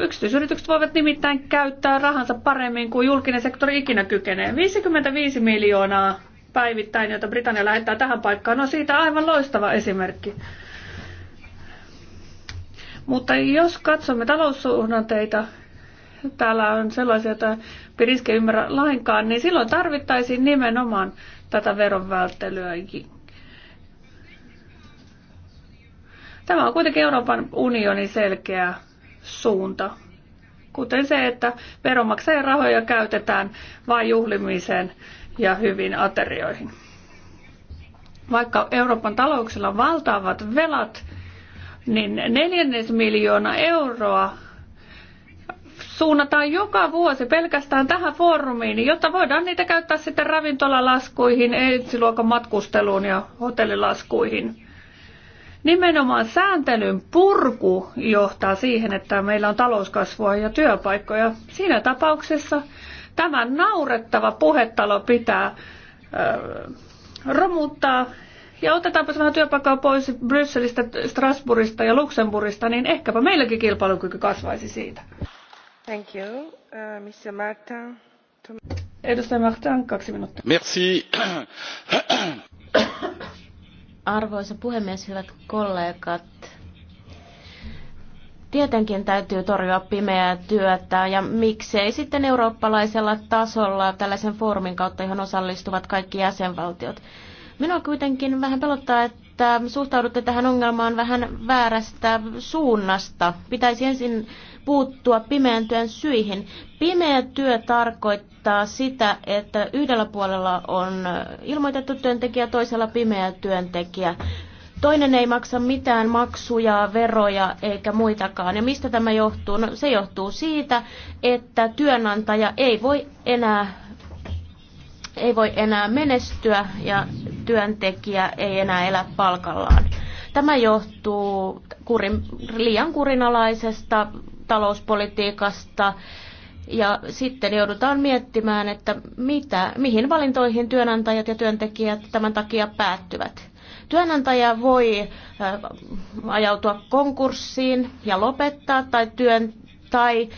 yksityisyritykset voivat nimittäin käyttää rahansa paremmin kuin julkinen sektori ikinä kykenee. 55 miljoonaa päivittäin, joita Britannia lähettää tähän paikkaan, on no, siitä aivan loistava esimerkki. Mutta jos katsomme taloussuhdanteita, täällä on sellaisia, joita Piriske ymmärrä lainkaan, niin silloin tarvittaisiin nimenomaan tätä veron Tämä on kuitenkin Euroopan unionin selkeä suunta, kuten se, että veronmaksajien rahoja käytetään vain juhlimiseen ja hyvin aterioihin. Vaikka Euroopan talouksilla on valtavat velat, niin neljännes miljoona euroa suunnataan joka vuosi pelkästään tähän foorumiin, jotta voidaan niitä käyttää sitten ravintolalaskuihin, ensiluokan matkusteluun ja hotellilaskuihin. Nimenomaan sääntelyn purku johtaa siihen, että meillä on talouskasvua ja työpaikkoja. Siinä tapauksessa Tämä naurettava puhetalo pitää romuttaa ja otetaanpa vähän työpaikka pois Brysselistä, Strasbourgista ja Luxemburgista, niin ehkäpä meilläkin kilpailukyky kasvaisi siitä. Thank you. Uh, Mr. Martin. Edustaja Martin, kaksi minuuttia. Merci. Arvoisa puhemies, hyvät kollegat. Tietenkin täytyy torjua pimeää työtä ja miksei sitten eurooppalaisella tasolla tällaisen foorumin kautta, johon osallistuvat kaikki jäsenvaltiot. Minua kuitenkin vähän pelottaa, että suhtaudutte tähän ongelmaan vähän väärästä suunnasta. Pitäisi ensin puuttua pimeän työn syihin. Pimeä työ tarkoittaa sitä, että yhdellä puolella on ilmoitettu työntekijä, toisella pimeä työntekijä. Toinen ei maksa mitään maksuja, veroja eikä muitakaan. Ja mistä tämä johtuu? No, se johtuu siitä, että työnantaja ei voi enää ei voi enää menestyä ja työntekijä ei enää elä palkallaan. Tämä johtuu kurin, liian kurinalaisesta talouspolitiikasta ja sitten joudutaan miettimään, että mitä, mihin valintoihin työnantajat ja työntekijät tämän takia päättyvät. Työnantaja voi ajautua konkurssiin ja lopettaa tai, työn, tai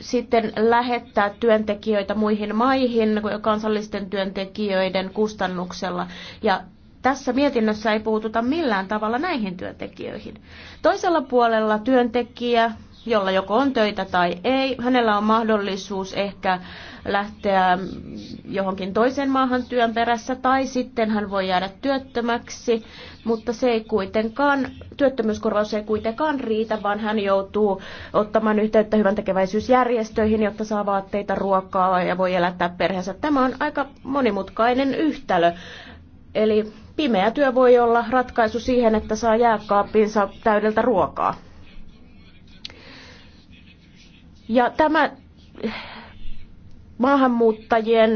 sitten lähettää työntekijöitä muihin maihin kansallisten työntekijöiden kustannuksella. Ja tässä mietinnössä ei puututa millään tavalla näihin työntekijöihin. Toisella puolella työntekijä jolla joko on töitä tai ei. Hänellä on mahdollisuus ehkä lähteä johonkin toiseen maahan työn perässä tai sitten hän voi jäädä työttömäksi, mutta se ei kuitenkaan, työttömyyskorvaus ei kuitenkaan riitä, vaan hän joutuu ottamaan yhteyttä hyvän tekeväisyysjärjestöihin, jotta saa vaatteita, ruokaa ja voi elättää perheensä. Tämä on aika monimutkainen yhtälö. Eli pimeä työ voi olla ratkaisu siihen, että saa jääkaapinsa täydeltä ruokaa. Ja tämä maahanmuuttajien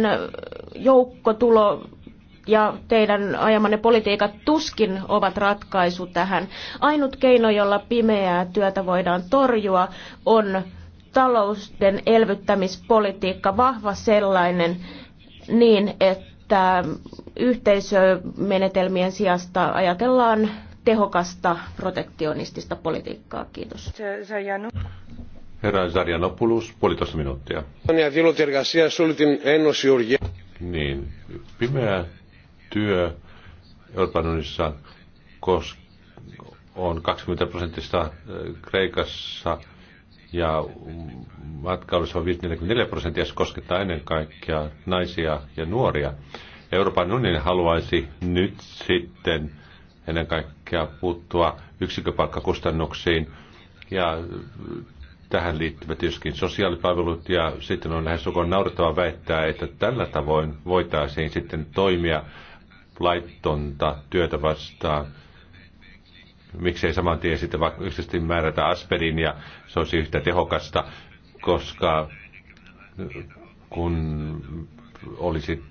joukkotulo ja teidän ajamanne politiikat tuskin ovat ratkaisu tähän. Ainut keino, jolla pimeää työtä voidaan torjua, on talousten elvyttämispolitiikka, vahva sellainen, niin että yhteisömenetelmien sijasta ajatellaan tehokasta protektionistista politiikkaa. Kiitos. Herra Zarianopoulos, puolitoista minuuttia. Niin, pimeä työ Euroopan unionissa on 20 prosenttista äh, Kreikassa ja matkailussa on 54 prosenttia, se koskettaa ennen kaikkea naisia ja nuoria. Euroopan unioni haluaisi nyt sitten ennen kaikkea puuttua yksikköpalkkakustannuksiin ja Tähän liittyvät tietysti sosiaalipalvelut ja sitten on lähes sukon naurettava väittää, että tällä tavoin voitaisiin sitten toimia laittonta työtä vastaan. Miksei saman tien sitten vaikka yksisesti määrätä asperin ja se olisi yhtä tehokasta, koska kun olisi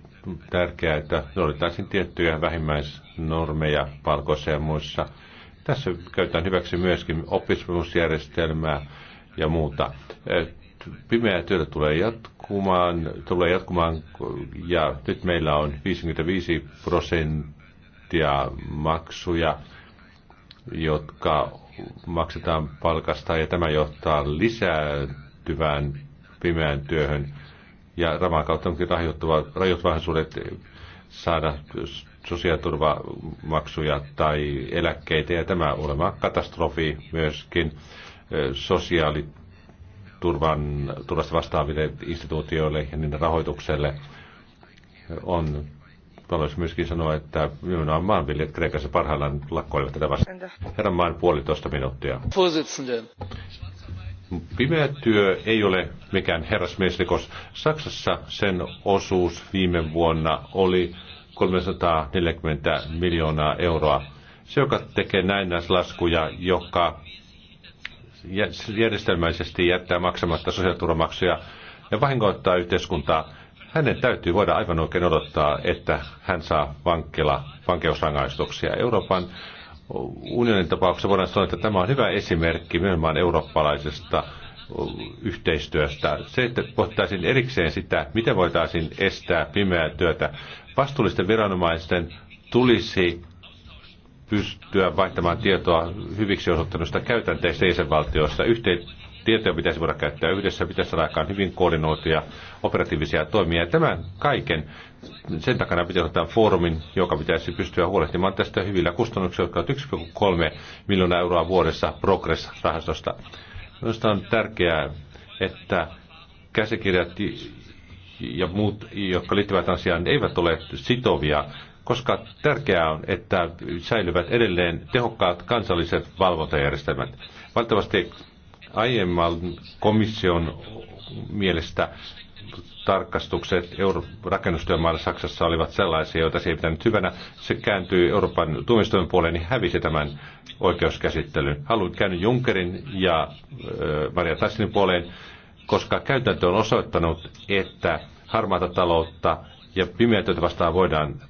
tärkeää, että noudattaisiin tiettyjä vähimmäisnormeja palkoissa ja muissa. Tässä käytetään hyväksi myöskin oppisopimusjärjestelmää, ja muuta. Pimeä työtä tulee jatkumaan, tulee jatkumaan ja nyt meillä on 55 prosenttia maksuja, jotka maksetaan palkasta ja tämä johtaa lisääntyvään pimeään työhön ja raman kautta onkin rajoittavat mahdollisuudet saada sosiaaliturvamaksuja tai eläkkeitä ja tämä on katastrofi myöskin sosiaaliturvan turvasta vastaaville instituutioille ja niiden rahoitukselle. On haluaisin myöskin sanoa, että nimenomaan maanviljelijät Kreikassa parhaillaan lakkoilevat tätä vastaan. Herran maan puolitoista minuuttia. Pimeä työ ei ole mikään herrasmiesrikos. Saksassa sen osuus viime vuonna oli 340 miljoonaa euroa. Se, joka tekee näin laskuja, joka järjestelmäisesti jättää maksamatta sosiaaliturvamaksuja ja vahingoittaa yhteiskuntaa, hänen täytyy voida aivan oikein odottaa, että hän saa vankila, vankeusrangaistuksia. Euroopan unionin tapauksessa voidaan sanoa, että tämä on hyvä esimerkki myöhemmin eurooppalaisesta yhteistyöstä. Se, että pohtaisin erikseen sitä, miten voitaisiin estää pimeää työtä. Vastuullisten viranomaisten tulisi pystyä vaihtamaan tietoa hyviksi osoittaneista käytänteistä jäsenvaltioissa. Yhteen tietoja pitäisi voida käyttää yhdessä, pitäisi saada aikaan hyvin koordinoituja operatiivisia toimia. Ja tämän kaiken, sen takana pitäisi ottaa foorumin, joka pitäisi pystyä huolehtimaan tästä hyvillä kustannuksilla, jotka ovat 1,3 miljoonaa euroa vuodessa Progress-rahastosta. Minusta on tärkeää, että käsikirjat ja muut, jotka liittyvät asiaan, eivät ole sitovia koska tärkeää on, että säilyvät edelleen tehokkaat kansalliset valvontajärjestelmät. Valtavasti aiemman komission mielestä tarkastukset euro- rakennustyömaalla Saksassa olivat sellaisia, joita se ei pitänyt hyvänä. Se kääntyi Euroopan tuomioistuimen puoleen, niin hävisi tämän oikeuskäsittelyn. Haluan käynyt Junckerin ja äh, Maria Tassinin puoleen, koska käytäntö on osoittanut, että harmaata taloutta ja pimeätöitä vastaan voidaan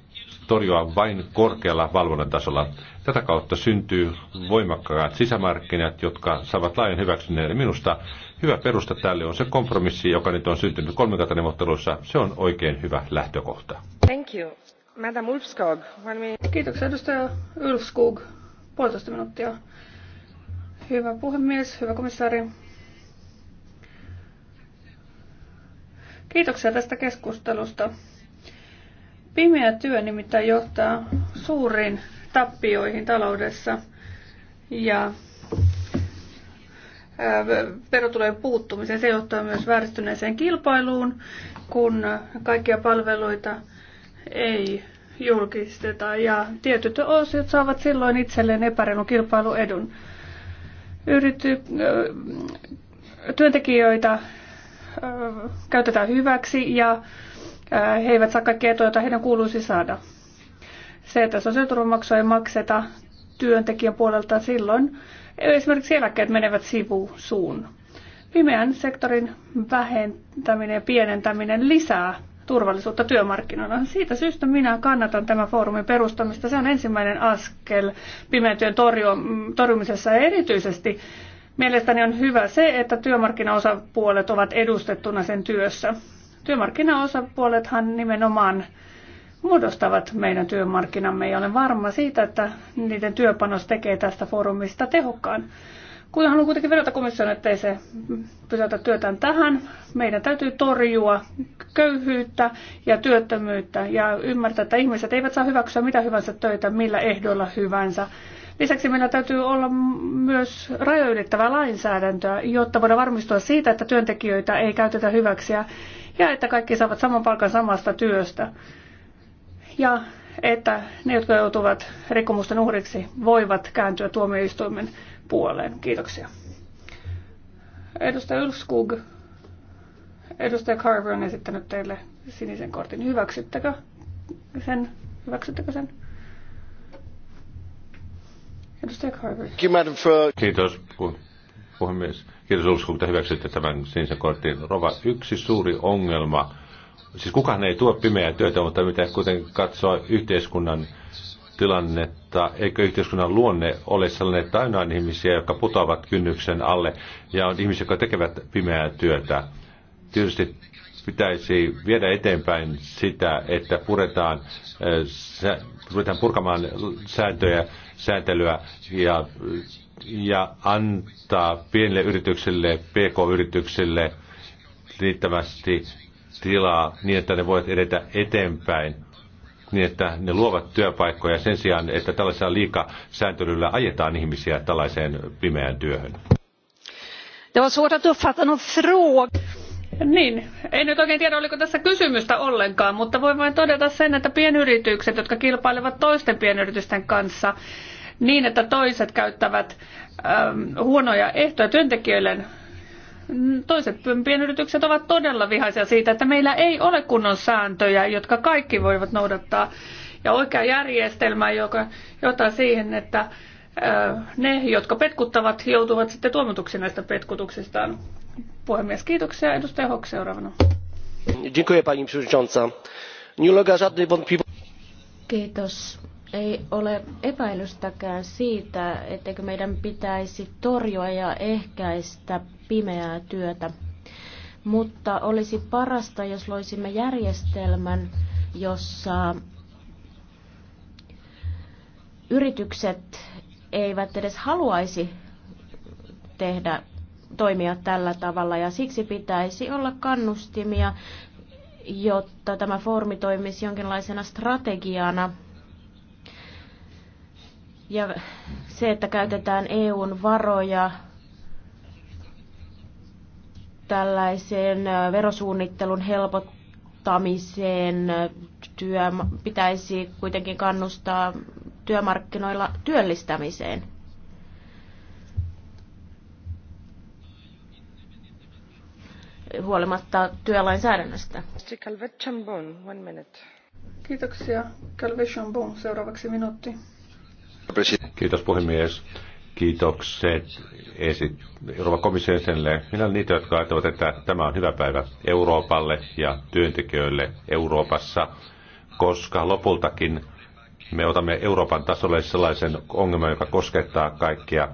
torjua vain korkealla valvonnan tasolla. Tätä kautta syntyy voimakkaat sisämarkkinat, jotka saavat laajan hyväksynnän. Minusta hyvä perusta tälle on se kompromissi, joka nyt on syntynyt kolmikantaneuvotteluissa. Se on oikein hyvä lähtökohta. Thank you. Madam Ulfskog, one minute. Kiitoksia edustaja Ulfskog. Puolitoista minuuttia. Hyvä puhemies, hyvä komissaari. Kiitoksia tästä keskustelusta. Pimeä työ nimittäin johtaa suuriin tappioihin taloudessa ja verotulojen puuttumiseen. Se johtaa myös vääristyneeseen kilpailuun, kun kaikkia palveluita ei julkisteta ja tietyt osiot saavat silloin itselleen epäreilun kilpailuedun. Yrity, työntekijöitä käytetään hyväksi ja he eivät saa kaikkia etuja, joita heidän kuuluisi saada. Se, että sosiaaliturvamaksua ei makseta työntekijän puolelta silloin, esimerkiksi eläkkeet menevät sivusuun. Pimeän sektorin vähentäminen ja pienentäminen lisää turvallisuutta työmarkkinoilla. Siitä syystä minä kannatan tämän foorumin perustamista. Se on ensimmäinen askel pimeän työn torjumisessa ja erityisesti Mielestäni on hyvä se, että työmarkkinaosapuolet ovat edustettuna sen työssä. Työmarkkinaosapuolethan nimenomaan muodostavat meidän työmarkkinamme ja olen varma siitä, että niiden työpanos tekee tästä foorumista tehokkaan. Kun haluan kuitenkin vedota komission, ettei se pysäytä työtään tähän, meidän täytyy torjua köyhyyttä ja työttömyyttä ja ymmärtää, että ihmiset eivät saa hyväksyä mitä hyvänsä töitä, millä ehdoilla hyvänsä. Lisäksi meillä täytyy olla myös rajoylittävää lainsäädäntöä, jotta voidaan varmistua siitä, että työntekijöitä ei käytetä hyväksi ja että kaikki saavat saman palkan samasta työstä. Ja että ne, jotka joutuvat rikkomusten uhriksi, voivat kääntyä tuomioistuimen puoleen. Kiitoksia. Edustaja Ylskug, edustaja Carver on esittänyt teille sinisen kortin. Hyväksyttekö sen? Hyväksyttekö sen? Edustaja Carver. Kiitos puhemies. Kiitos Ulskulta hyväksytte tämän sinisen kortin. Rova, yksi suuri ongelma. Siis kukaan ei tuo pimeää työtä, mutta mitä kuitenkin katsoa yhteiskunnan tilannetta, eikö yhteiskunnan luonne ole sellainen, että aina on ihmisiä, jotka putoavat kynnyksen alle ja on ihmisiä, jotka tekevät pimeää työtä. Tietysti pitäisi viedä eteenpäin sitä, että puretaan, äh, sä, ruvetaan purkamaan sääntöjä, sääntelyä ja ja antaa pienille yrityksille, pk-yrityksille riittävästi tilaa niin, että ne voivat edetä eteenpäin niin, että ne luovat työpaikkoja sen sijaan, että tällaisella liikasääntelyllä ajetaan ihmisiä tällaiseen pimeään työhön. Niin, en nyt oikein tiedä, oliko tässä kysymystä ollenkaan, mutta voin vain todeta sen, että pienyritykset, jotka kilpailevat toisten pienyritysten kanssa, niin, että toiset käyttävät ähm, huonoja ehtoja työntekijöilleen. Toiset pienyritykset ovat todella vihaisia siitä, että meillä ei ole kunnon sääntöjä, jotka kaikki voivat noudattaa. Ja oikea järjestelmä, joka johtaa siihen, että äh, ne, jotka petkuttavat, joutuvat sitten tuomituksi näistä petkutuksistaan. Puhemies, kiitoksia. Edustaja Hock seuraavana. Kiitos ei ole epäilystäkään siitä, etteikö meidän pitäisi torjua ja ehkäistä pimeää työtä. Mutta olisi parasta, jos loisimme järjestelmän, jossa yritykset eivät edes haluaisi tehdä toimia tällä tavalla ja siksi pitäisi olla kannustimia, jotta tämä foorumi toimisi jonkinlaisena strategiana – ja se, että käytetään EUn varoja tällaiseen verosuunnittelun helpottamiseen työ, pitäisi kuitenkin kannustaa työmarkkinoilla työllistämiseen. huolimatta työlainsäädännöstä. Kiitoksia. Calvé Chambon, seuraavaksi minuutti. Kiitos puhemies. Kiitokset esit- Euroopan komission jäsenille. Minä olen niitä, jotka ajattelevat, että tämä on hyvä päivä Euroopalle ja työntekijöille Euroopassa, koska lopultakin me otamme Euroopan tasolle sellaisen ongelman, joka koskettaa kaikkia.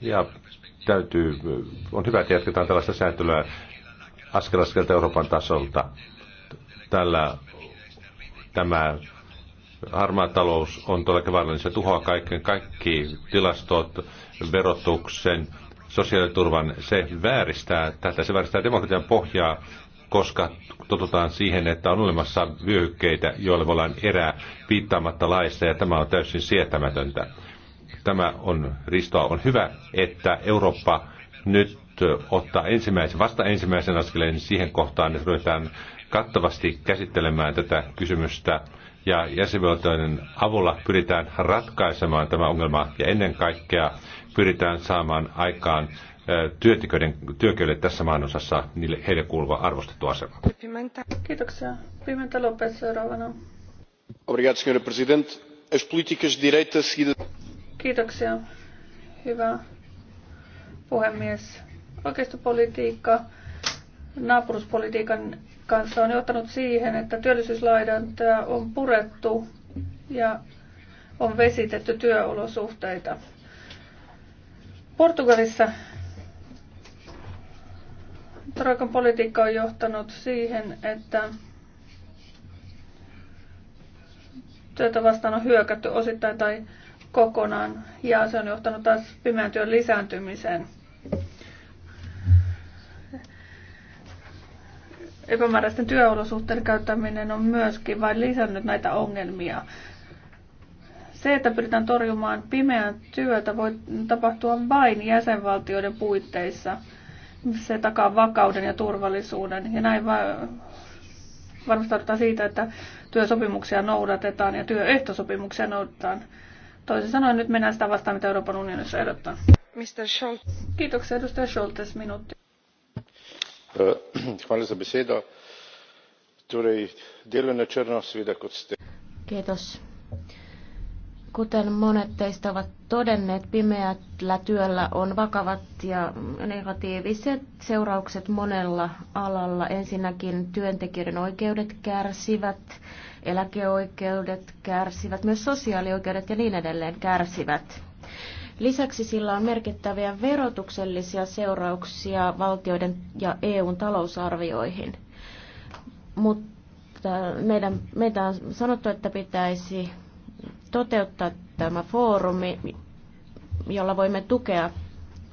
Ja täytyy, on hyvä, että jatketaan tällaista sääntelyä askel askelta Euroopan tasolta. Tällä tämä harmaa talous on todellakin vaarallinen. Se tuhoaa kaiken, kaikki tilastot, verotuksen, sosiaaliturvan. Se vääristää tätä, se vääristää demokratian pohjaa, koska totutaan siihen, että on olemassa vyöhykkeitä, joille voidaan erää viittaamatta laista, ja tämä on täysin sietämätöntä. Tämä on ristoa. On hyvä, että Eurooppa nyt ottaa ensimmäisen, vasta ensimmäisen askeleen siihen kohtaan, että ruvetaan kattavasti käsittelemään tätä kysymystä ja jäsenvaltioiden avulla pyritään ratkaisemaan tämä ongelma ja ennen kaikkea pyritään saamaan aikaan työntekijöiden, työntekijöille tässä maanosassa niille, heille kuuluva arvostettu asema. Kiitoksia. Pimenta Lopez seuraavana. Obrigado, senhor presidente. As políticas de direita seguidas... Kiitoksia. Hyvä puhemies. Oikeistopolitiikka, naapuruspolitiikan kanssa on johtanut siihen, että työllisyyslaidantaa on purettu ja on vesitetty työolosuhteita. Portugalissa Troikan politiikka on johtanut siihen, että työtä vastaan on hyökätty osittain tai kokonaan, ja se on johtanut taas pimeän työn lisääntymiseen. epämääräisten työolosuhteiden käyttäminen on myöskin vain lisännyt näitä ongelmia. Se, että pyritään torjumaan pimeää työtä, voi tapahtua vain jäsenvaltioiden puitteissa. Se takaa vakauden ja turvallisuuden. Ja näin varmistaudutaan siitä, että työsopimuksia noudatetaan ja työehtosopimuksia noudatetaan. Toisin sanoen nyt mennään sitä vastaan, mitä Euroopan unionissa ehdottaa. Mr. Schultz. Kiitoksia edustaja Schultes, minuutti. Eh, torej delo na črno seveda kot ste. Kuten monet teistä ovat todenneet, pimeällä työllä on vakavat ja negatiiviset seuraukset monella alalla. Ensinnäkin työntekijöiden oikeudet kärsivät, eläkeoikeudet kärsivät, myös sosiaalioikeudet ja niin edelleen kärsivät. Lisäksi sillä on merkittäviä verotuksellisia seurauksia valtioiden ja EUn talousarvioihin. Mutta meidän, meitä on sanottu, että pitäisi toteuttaa tämä foorumi, jolla voimme tukea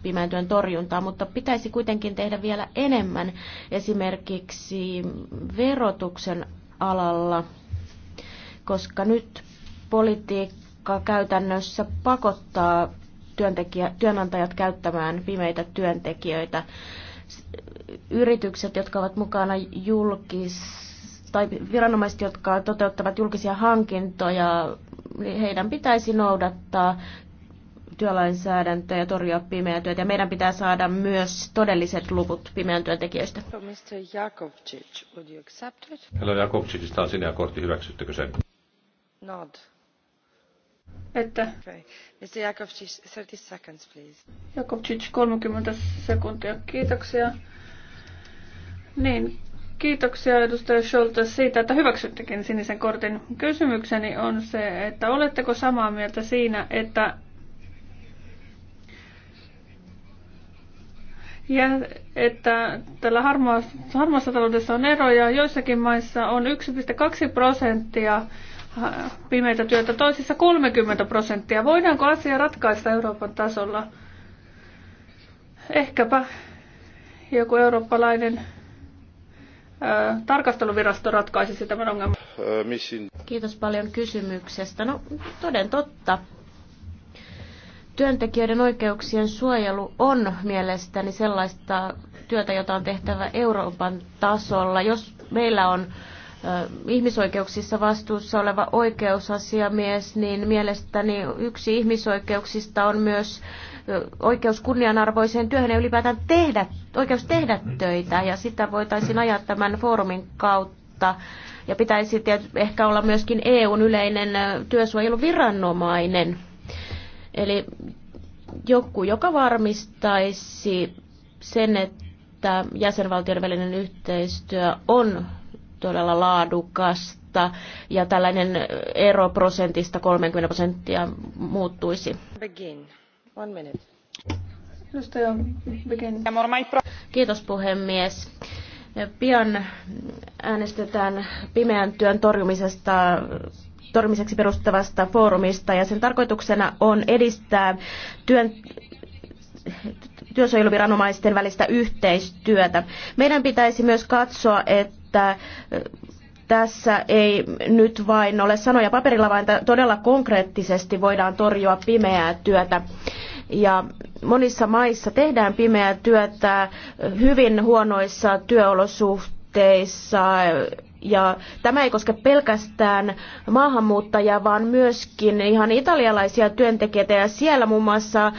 pimeän torjuntaa, mutta pitäisi kuitenkin tehdä vielä enemmän esimerkiksi verotuksen alalla, koska nyt politiikka käytännössä pakottaa työntekijä, työnantajat käyttämään pimeitä työntekijöitä. Yritykset, jotka ovat mukana julkis, tai viranomaiset, jotka toteuttavat julkisia hankintoja, niin heidän pitäisi noudattaa työlainsäädäntöä ja torjua pimeää työtä. Ja meidän pitää saada myös todelliset luvut pimeän työntekijöistä. Mr. Jakovcic, would you accept it? Hello Jakovcicista on sinä kortti, hyväksyttekö sen? Not että... Mr. 30 sekuntia. Kiitoksia. Niin, kiitoksia edustaja Scholtes siitä, että hyväksyttekin sinisen kortin. Kysymykseni on se, että oletteko samaa mieltä siinä, että Ja että tällä harmaassa, harmaassa taloudessa on eroja. Joissakin maissa on 1,2 prosenttia pimeitä työtä, toisissa 30 prosenttia. Voidaanko asia ratkaista Euroopan tasolla? Ehkäpä joku eurooppalainen tarkasteluvirasto ratkaisisi tämän ongelman. Kiitos paljon kysymyksestä. No, toden totta. Työntekijöiden oikeuksien suojelu on mielestäni sellaista työtä, jota on tehtävä Euroopan tasolla. Jos meillä on ihmisoikeuksissa vastuussa oleva oikeusasiamies, niin mielestäni yksi ihmisoikeuksista on myös oikeus kunnianarvoiseen työhön ja ylipäätään tehdä, oikeus tehdä töitä ja sitä voitaisiin ajaa tämän foorumin kautta. Ja pitäisi ehkä olla myöskin EUn yleinen työsuojeluviranomainen. Eli joku, joka varmistaisi sen, että jäsenvaltioiden välinen yhteistyö on todella laadukasta ja tällainen ero prosentista 30 prosenttia muuttuisi. Begin. One minute. Kiitos puhemies. Pian äänestetään pimeän työn torjumisesta torjumiseksi perustavasta foorumista ja sen tarkoituksena on edistää työn työsuojeluviranomaisten välistä yhteistyötä. Meidän pitäisi myös katsoa, että että tässä ei nyt vain ole sanoja paperilla, vaan todella konkreettisesti voidaan torjua pimeää työtä. Ja monissa maissa tehdään pimeää työtä hyvin huonoissa työolosuhteissa, ja tämä ei koske pelkästään maahanmuuttajia, vaan myöskin ihan italialaisia työntekijöitä. Ja siellä muun muassa äh,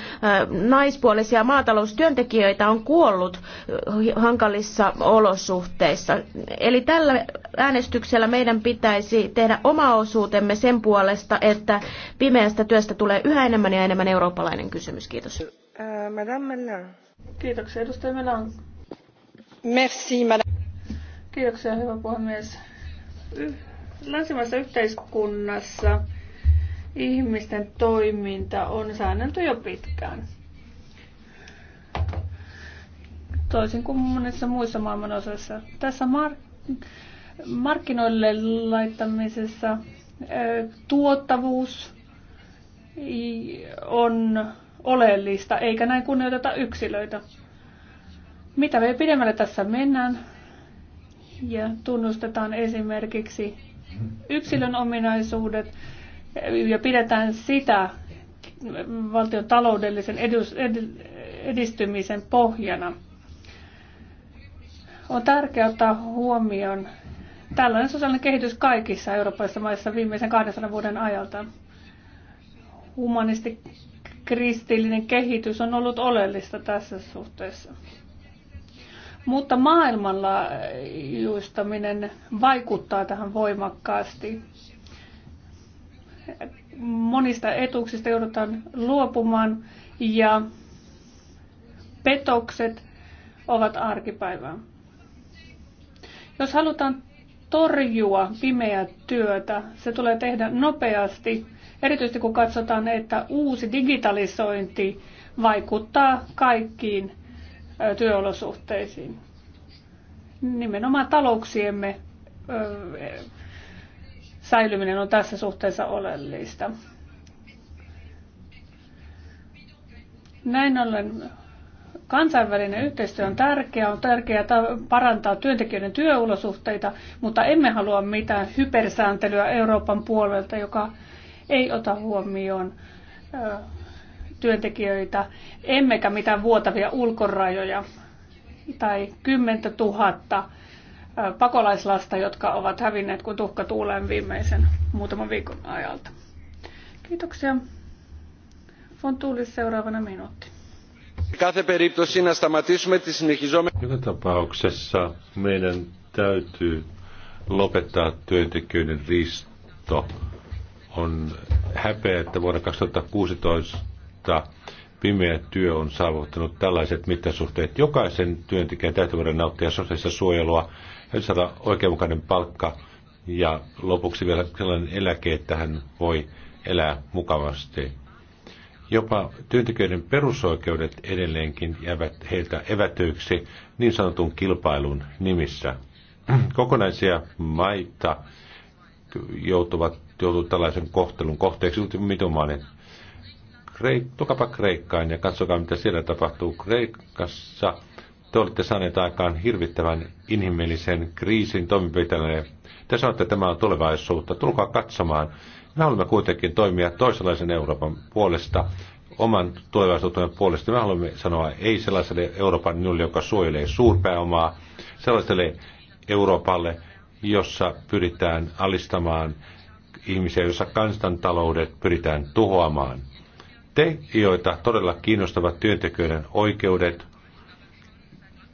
naispuolisia maataloustyöntekijöitä on kuollut äh, hankalissa olosuhteissa. Eli tällä äänestyksellä meidän pitäisi tehdä oma osuutemme sen puolesta, että pimeästä työstä tulee yhä enemmän ja enemmän eurooppalainen kysymys. Kiitos. Äh, madame Kiitoksia, edustaja Melan. Merci, madame. Kiitoksia, hyvä puhemies. Länsimaisessa yhteiskunnassa ihmisten toiminta on säännelty jo pitkään. Toisin kuin monissa muissa osassa. Tässä mar- markkinoille laittamisessa tuottavuus on oleellista, eikä näin kunnioiteta yksilöitä. Mitä me pidemmälle tässä mennään, ja tunnustetaan esimerkiksi yksilön ominaisuudet ja pidetään sitä valtion taloudellisen edistymisen pohjana. On tärkeää ottaa huomioon tällainen sosiaalinen kehitys kaikissa eurooppalaisissa maissa viimeisen 200 vuoden ajalta. Humanisti kristillinen kehitys on ollut oleellista tässä suhteessa. Mutta äh, juistaminen vaikuttaa tähän voimakkaasti. Monista etuuksista joudutaan luopumaan ja petokset ovat arkipäivää. Jos halutaan torjua pimeää työtä, se tulee tehdä nopeasti, erityisesti kun katsotaan, että uusi digitalisointi vaikuttaa kaikkiin työolosuhteisiin. Nimenomaan talouksiemme säilyminen on tässä suhteessa oleellista. Näin ollen kansainvälinen yhteistyö on tärkeää, on tärkeää parantaa työntekijöiden työolosuhteita, mutta emme halua mitään hypersääntelyä Euroopan puolelta, joka ei ota huomioon työntekijöitä, emmekä mitään vuotavia ulkorajoja tai kymmentä tuhatta pakolaislasta, jotka ovat hävinneet kuin tuhka tuuleen viimeisen muutaman viikon ajalta. Kiitoksia. Fontuulis seuraavana minuutti. Joka tapauksessa meidän täytyy lopettaa työntekijöiden risto. On häpeä, että vuonna 2016 mutta pimeä työ on saavuttanut tällaiset mittasuhteet. Jokaisen työntekijän täytyy voida nauttia sosiaalista suojelua ja saada oikeudenmukainen palkka ja lopuksi vielä sellainen eläke, että hän voi elää mukavasti. Jopa työntekijöiden perusoikeudet edelleenkin jäävät heiltä evätyiksi niin sanotun kilpailun nimissä. Kokonaisia maita joutuvat joutuu tällaisen kohtelun kohteeksi, mitomainen Kreik- tukapa Kreikkaan ja katsokaa, mitä siellä tapahtuu Kreikassa. Te olette saaneet aikaan hirvittävän inhimillisen kriisin toimenpiteelle. Te sanotte, että tämä on tulevaisuutta. Tulkaa katsomaan. Me haluamme kuitenkin toimia toisenlaisen Euroopan puolesta, oman tulevaisuutemme puolesta. Me haluamme sanoa ei sellaiselle Euroopan nulle joka suojelee suurpääomaa, sellaiselle Euroopalle, jossa pyritään alistamaan ihmisiä, jossa kansantaloudet pyritään tuhoamaan. Te, joita todella kiinnostavat työntekijöiden oikeudet,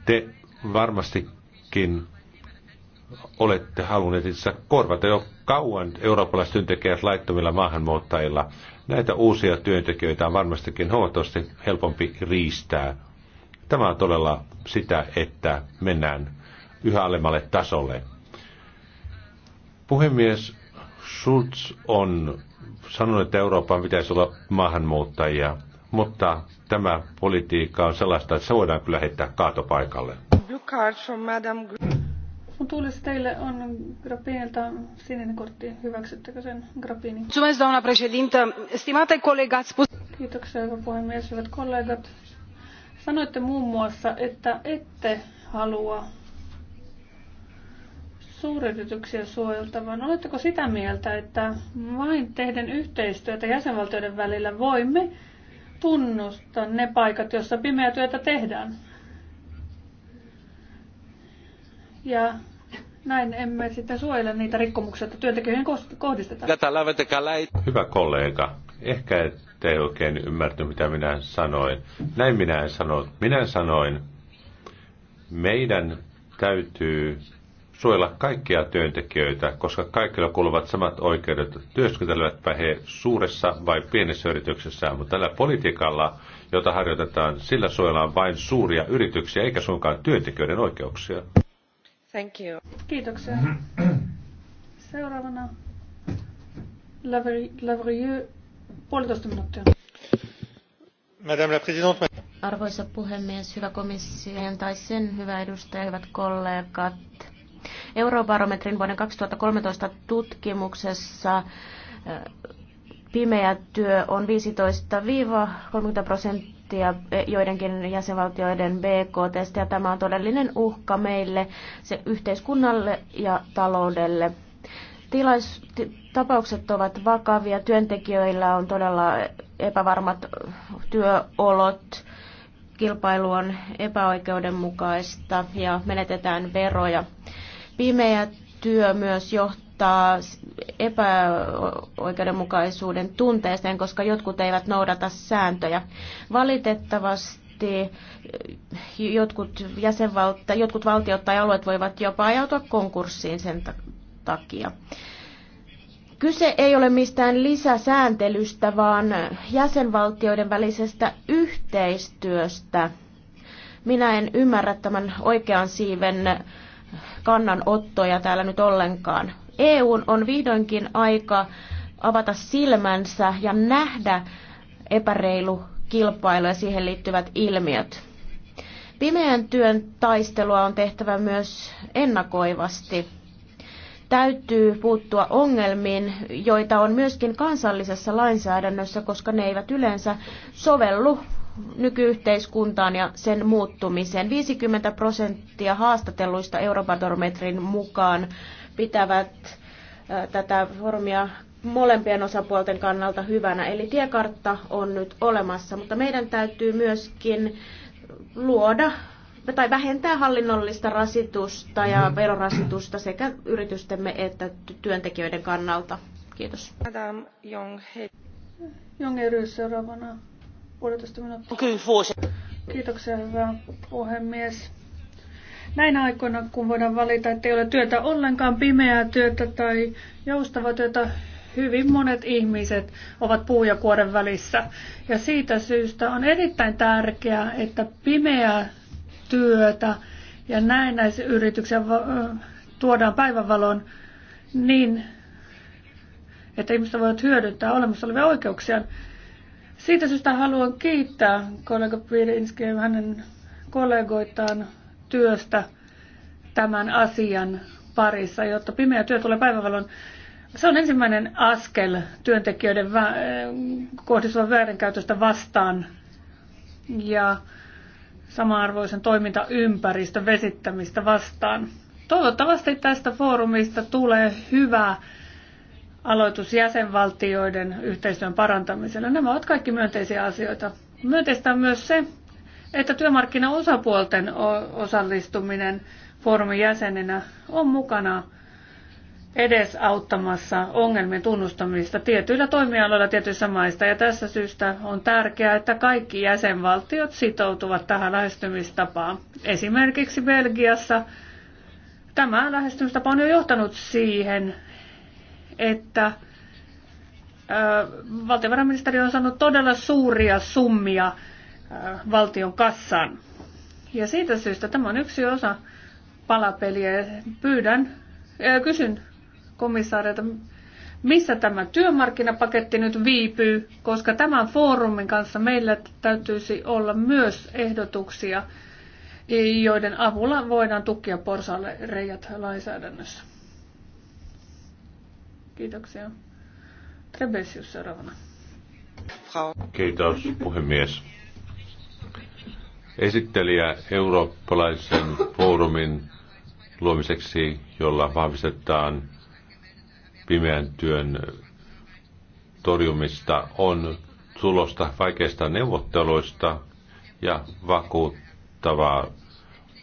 te varmastikin olette halunneet itse korvata jo kauan eurooppalaiset työntekijät laittomilla maahanmuuttajilla. Näitä uusia työntekijöitä on varmastikin huomattavasti helpompi riistää. Tämä on todella sitä, että mennään yhä alemmalle tasolle. Puhemies, Schulz on sanonut, että Euroopan pitäisi olla maahanmuuttajia, mutta tämä politiikka on sellaista, että se voidaan kyllä heittää kaatopaikalle. Mun tuulisi teille on Grapinilta sininen kortti. Hyväksyttekö sen Grapini? Mulțumesc, doamna președintă. Stimate coleg, ați spus... Kiitoksia, hyvä puhemies, hyvät kollegat. Sanoitte muun muassa, että ette halua suuryrityksiä suojeltavan. Oletteko sitä mieltä, että vain tehden yhteistyötä jäsenvaltioiden välillä voimme tunnustaa ne paikat, joissa pimeä työtä tehdään? Ja näin emme sitten suojele niitä rikkomuksia, että työntekijöihin kohdistetaan. Hyvä kollega, ehkä ette oikein ymmärtänyt, mitä minä sanoin. Näin minä en Minä sanoin, meidän täytyy suojella kaikkia työntekijöitä, koska kaikilla kuuluvat samat oikeudet, työskentelevätpä he suuressa vai pienessä yrityksessä, mutta tällä politiikalla, jota harjoitetaan, sillä suojellaan vain suuria yrityksiä eikä suinkaan työntekijöiden oikeuksia. Thank you. Kiitoksia. Mm-hmm. Seuraavana Lavrieux, puolitoista minuuttia. Madame la Présidente, Arvoisa puhemies, hyvä komissio tai sen hyvä edustaja, hyvät kollegat. Eurobarometrin vuoden 2013 tutkimuksessa äh, pimeä työ on 15-30 prosenttia e, joidenkin jäsenvaltioiden BKT, ja tämä on todellinen uhka meille, se yhteiskunnalle ja taloudelle. Tilais, tapaukset ovat vakavia, työntekijöillä on todella epävarmat äh, työolot, kilpailu on epäoikeudenmukaista ja menetetään veroja. Pimeä työ myös johtaa epäoikeudenmukaisuuden tunteeseen, koska jotkut eivät noudata sääntöjä. Valitettavasti eh, jotkut, jäsenvalta, jotkut valtiot tai alueet voivat jopa ajautua konkurssiin sen takia kyse ei ole mistään lisäsääntelystä, vaan jäsenvaltioiden välisestä yhteistyöstä. Minä en ymmärrä tämän oikean siiven kannanottoja täällä nyt ollenkaan. EU on vihdoinkin aika avata silmänsä ja nähdä epäreilu kilpailu ja siihen liittyvät ilmiöt. Pimeän työn taistelua on tehtävä myös ennakoivasti. Täytyy puuttua ongelmiin, joita on myöskin kansallisessa lainsäädännössä, koska ne eivät yleensä sovellu nykyyhteiskuntaan ja sen muuttumiseen. 50 prosenttia haastatelluista Eurobarometrin mukaan pitävät tätä foorumia molempien osapuolten kannalta hyvänä. Eli tiekartta on nyt olemassa, mutta meidän täytyy myöskin luoda tai vähentää hallinnollista rasitusta ja mm-hmm. verorasitusta sekä yritystemme että työntekijöiden kannalta. Kiitos. Madame Jong. Jong seuraavana. Puolitoista minuuttia. Kiitoksia, hyvä puhemies. Näinä aikoina, kun voidaan valita, että ei ole työtä ollenkaan, pimeää työtä tai joustavaa työtä, hyvin monet ihmiset ovat puu ja kuoren välissä. Ja siitä syystä on erittäin tärkeää, että pimeää työtä ja näennäisyrityksiä tuodaan päivänvaloon niin, että ihmiset voivat hyödyntää olemassa olevia oikeuksia. Siitä syystä haluan kiittää kollega Pirinski ja hänen kollegoitaan työstä tämän asian parissa, jotta pimeä työ tulee päivävalon. Se on ensimmäinen askel työntekijöiden vä- kohdistuvan väärinkäytöstä vastaan ja samanarvoisen toimintaympäristön vesittämistä vastaan. Toivottavasti tästä foorumista tulee hyvä aloitus jäsenvaltioiden yhteistyön parantamisella. Nämä ovat kaikki myönteisiä asioita. Myönteistä on myös se, että työmarkkinaosapuolten osallistuminen foorumin jäsenenä on mukana edesauttamassa ongelmien tunnustamista tietyillä toimialoilla tietyissä maista. Ja tässä syystä on tärkeää, että kaikki jäsenvaltiot sitoutuvat tähän lähestymistapaan. Esimerkiksi Belgiassa tämä lähestymistapa on jo johtanut siihen, että valtiovarainministeri on saanut todella suuria summia valtion kassaan. Ja siitä syystä tämä on yksi osa palapeliä. Pyydän, kysyn komissaarilta, missä tämä työmarkkinapaketti nyt viipyy, koska tämän foorumin kanssa meillä täytyisi olla myös ehdotuksia, joiden avulla voidaan tukkia porsaalle reijät lainsäädännössä. Kiitoksia. Trebesius seuraavana. Kiitos puhemies. Esittelijä eurooppalaisen foorumin luomiseksi, jolla vahvistetaan pimeän työn torjumista, on tulosta vaikeista neuvotteluista ja vakuuttavaa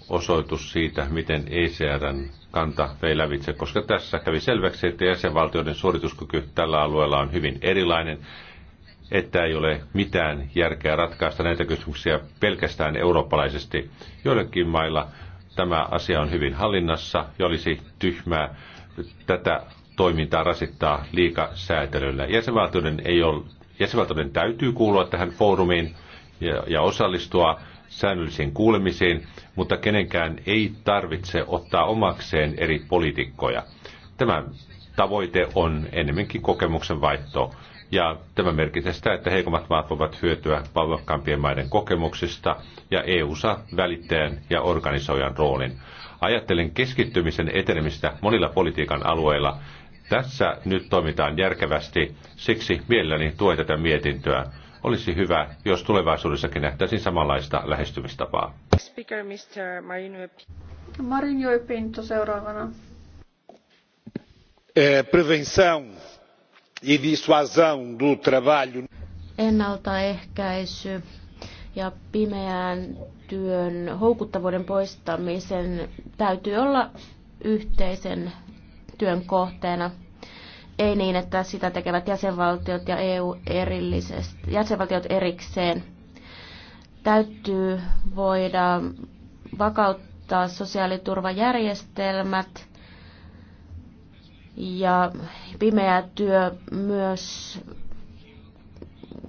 osoitus siitä, miten ECRn kanta vei lävitse, koska tässä kävi selväksi, että jäsenvaltioiden suorituskyky tällä alueella on hyvin erilainen, että ei ole mitään järkeä ratkaista näitä kysymyksiä pelkästään eurooppalaisesti. Joillekin mailla tämä asia on hyvin hallinnassa ja olisi tyhmää tätä toimintaa rasittaa liikasäätelyllä. Jäsenvaltioiden, ei ole, jäsenvaltioiden täytyy kuulua tähän foorumiin ja, ja osallistua säännöllisiin kuulemisiin, mutta kenenkään ei tarvitse ottaa omakseen eri poliitikkoja. Tämä tavoite on enemmänkin kokemuksen vaihto, ja tämä merkitsee sitä, että heikommat maat voivat hyötyä vauvakkaampien maiden kokemuksista, ja EU saa välittäjän ja organisoijan roolin. Ajattelen keskittymisen etenemistä monilla politiikan alueilla. Tässä nyt toimitaan järkevästi, siksi mielelläni tuen tätä mietintöä olisi hyvä, jos tulevaisuudessakin nähtäisiin samanlaista lähestymistapaa. Speaker, Mr. Marino. Marinho Pinto seuraavana. Prevenção e dissuasão do trabalho. Ennaltaehkäisy ja pimeän työn houkuttavuuden poistamisen täytyy olla yhteisen työn kohteena ei niin, että sitä tekevät jäsenvaltiot ja EU erillisesti, jäsenvaltiot erikseen. Täytyy voida vakauttaa sosiaaliturvajärjestelmät ja pimeä työ myös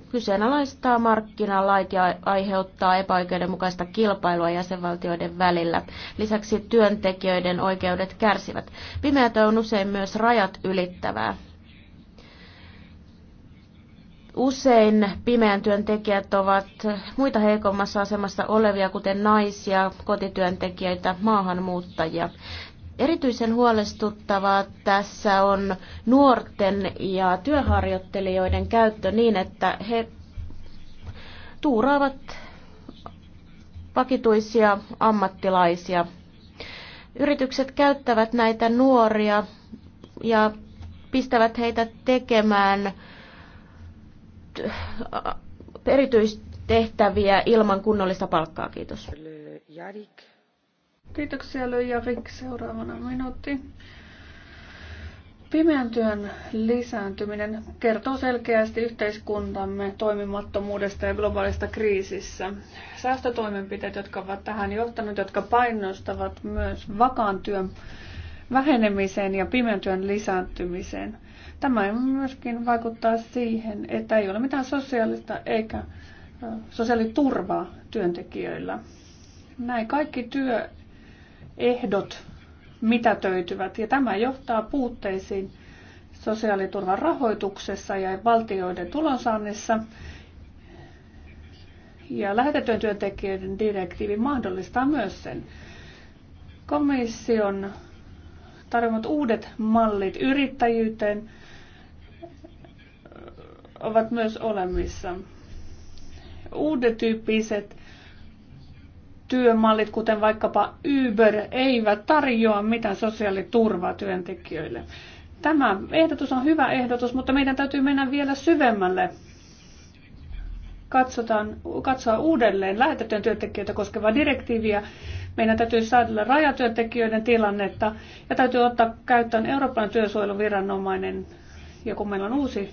kyseenalaistaa markkinalait ja aiheuttaa epäoikeudenmukaista kilpailua jäsenvaltioiden välillä. Lisäksi työntekijöiden oikeudet kärsivät. Pimeätä on usein myös rajat ylittävää. Usein pimeän työntekijät ovat muita heikommassa asemassa olevia, kuten naisia, kotityöntekijöitä, maahanmuuttajia. Erityisen huolestuttavaa tässä on nuorten ja työharjoittelijoiden käyttö niin, että he tuuraavat vakituisia ammattilaisia. Yritykset käyttävät näitä nuoria ja pistävät heitä tekemään erityistehtäviä ilman kunnollista palkkaa. Kiitos. Jarik. Kiitoksia Löijä Rik. Seuraavana minuutti. Pimeän työn lisääntyminen kertoo selkeästi yhteiskuntamme toimimattomuudesta ja globaalista kriisissä. Säästötoimenpiteet, jotka ovat tähän johtaneet, jotka painostavat myös vakaan työn vähenemiseen ja pimeän työn lisääntymiseen. Tämä myöskin vaikuttaa siihen, että ei ole mitään sosiaalista eikä sosiaaliturvaa työntekijöillä. Näin kaikki työ ehdot mitätöityvät ja tämä johtaa puutteisiin sosiaaliturvan rahoituksessa ja valtioiden tulonsaannissa. Ja lähetettyjen työntekijöiden direktiivi mahdollistaa myös sen. Komission tarjoamat uudet mallit yrittäjyyteen ovat myös olemissa. Uuden työmallit, kuten vaikkapa Uber, eivät tarjoa mitään sosiaaliturvaa työntekijöille. Tämä ehdotus on hyvä ehdotus, mutta meidän täytyy mennä vielä syvemmälle. Katsotaan, katsoa uudelleen lähetettyjen työntekijöitä koskevaa direktiiviä. Meidän täytyy säädellä rajatyöntekijöiden tilannetta ja täytyy ottaa käyttöön Euroopan työsuojeluviranomainen. Ja kun meillä on uusi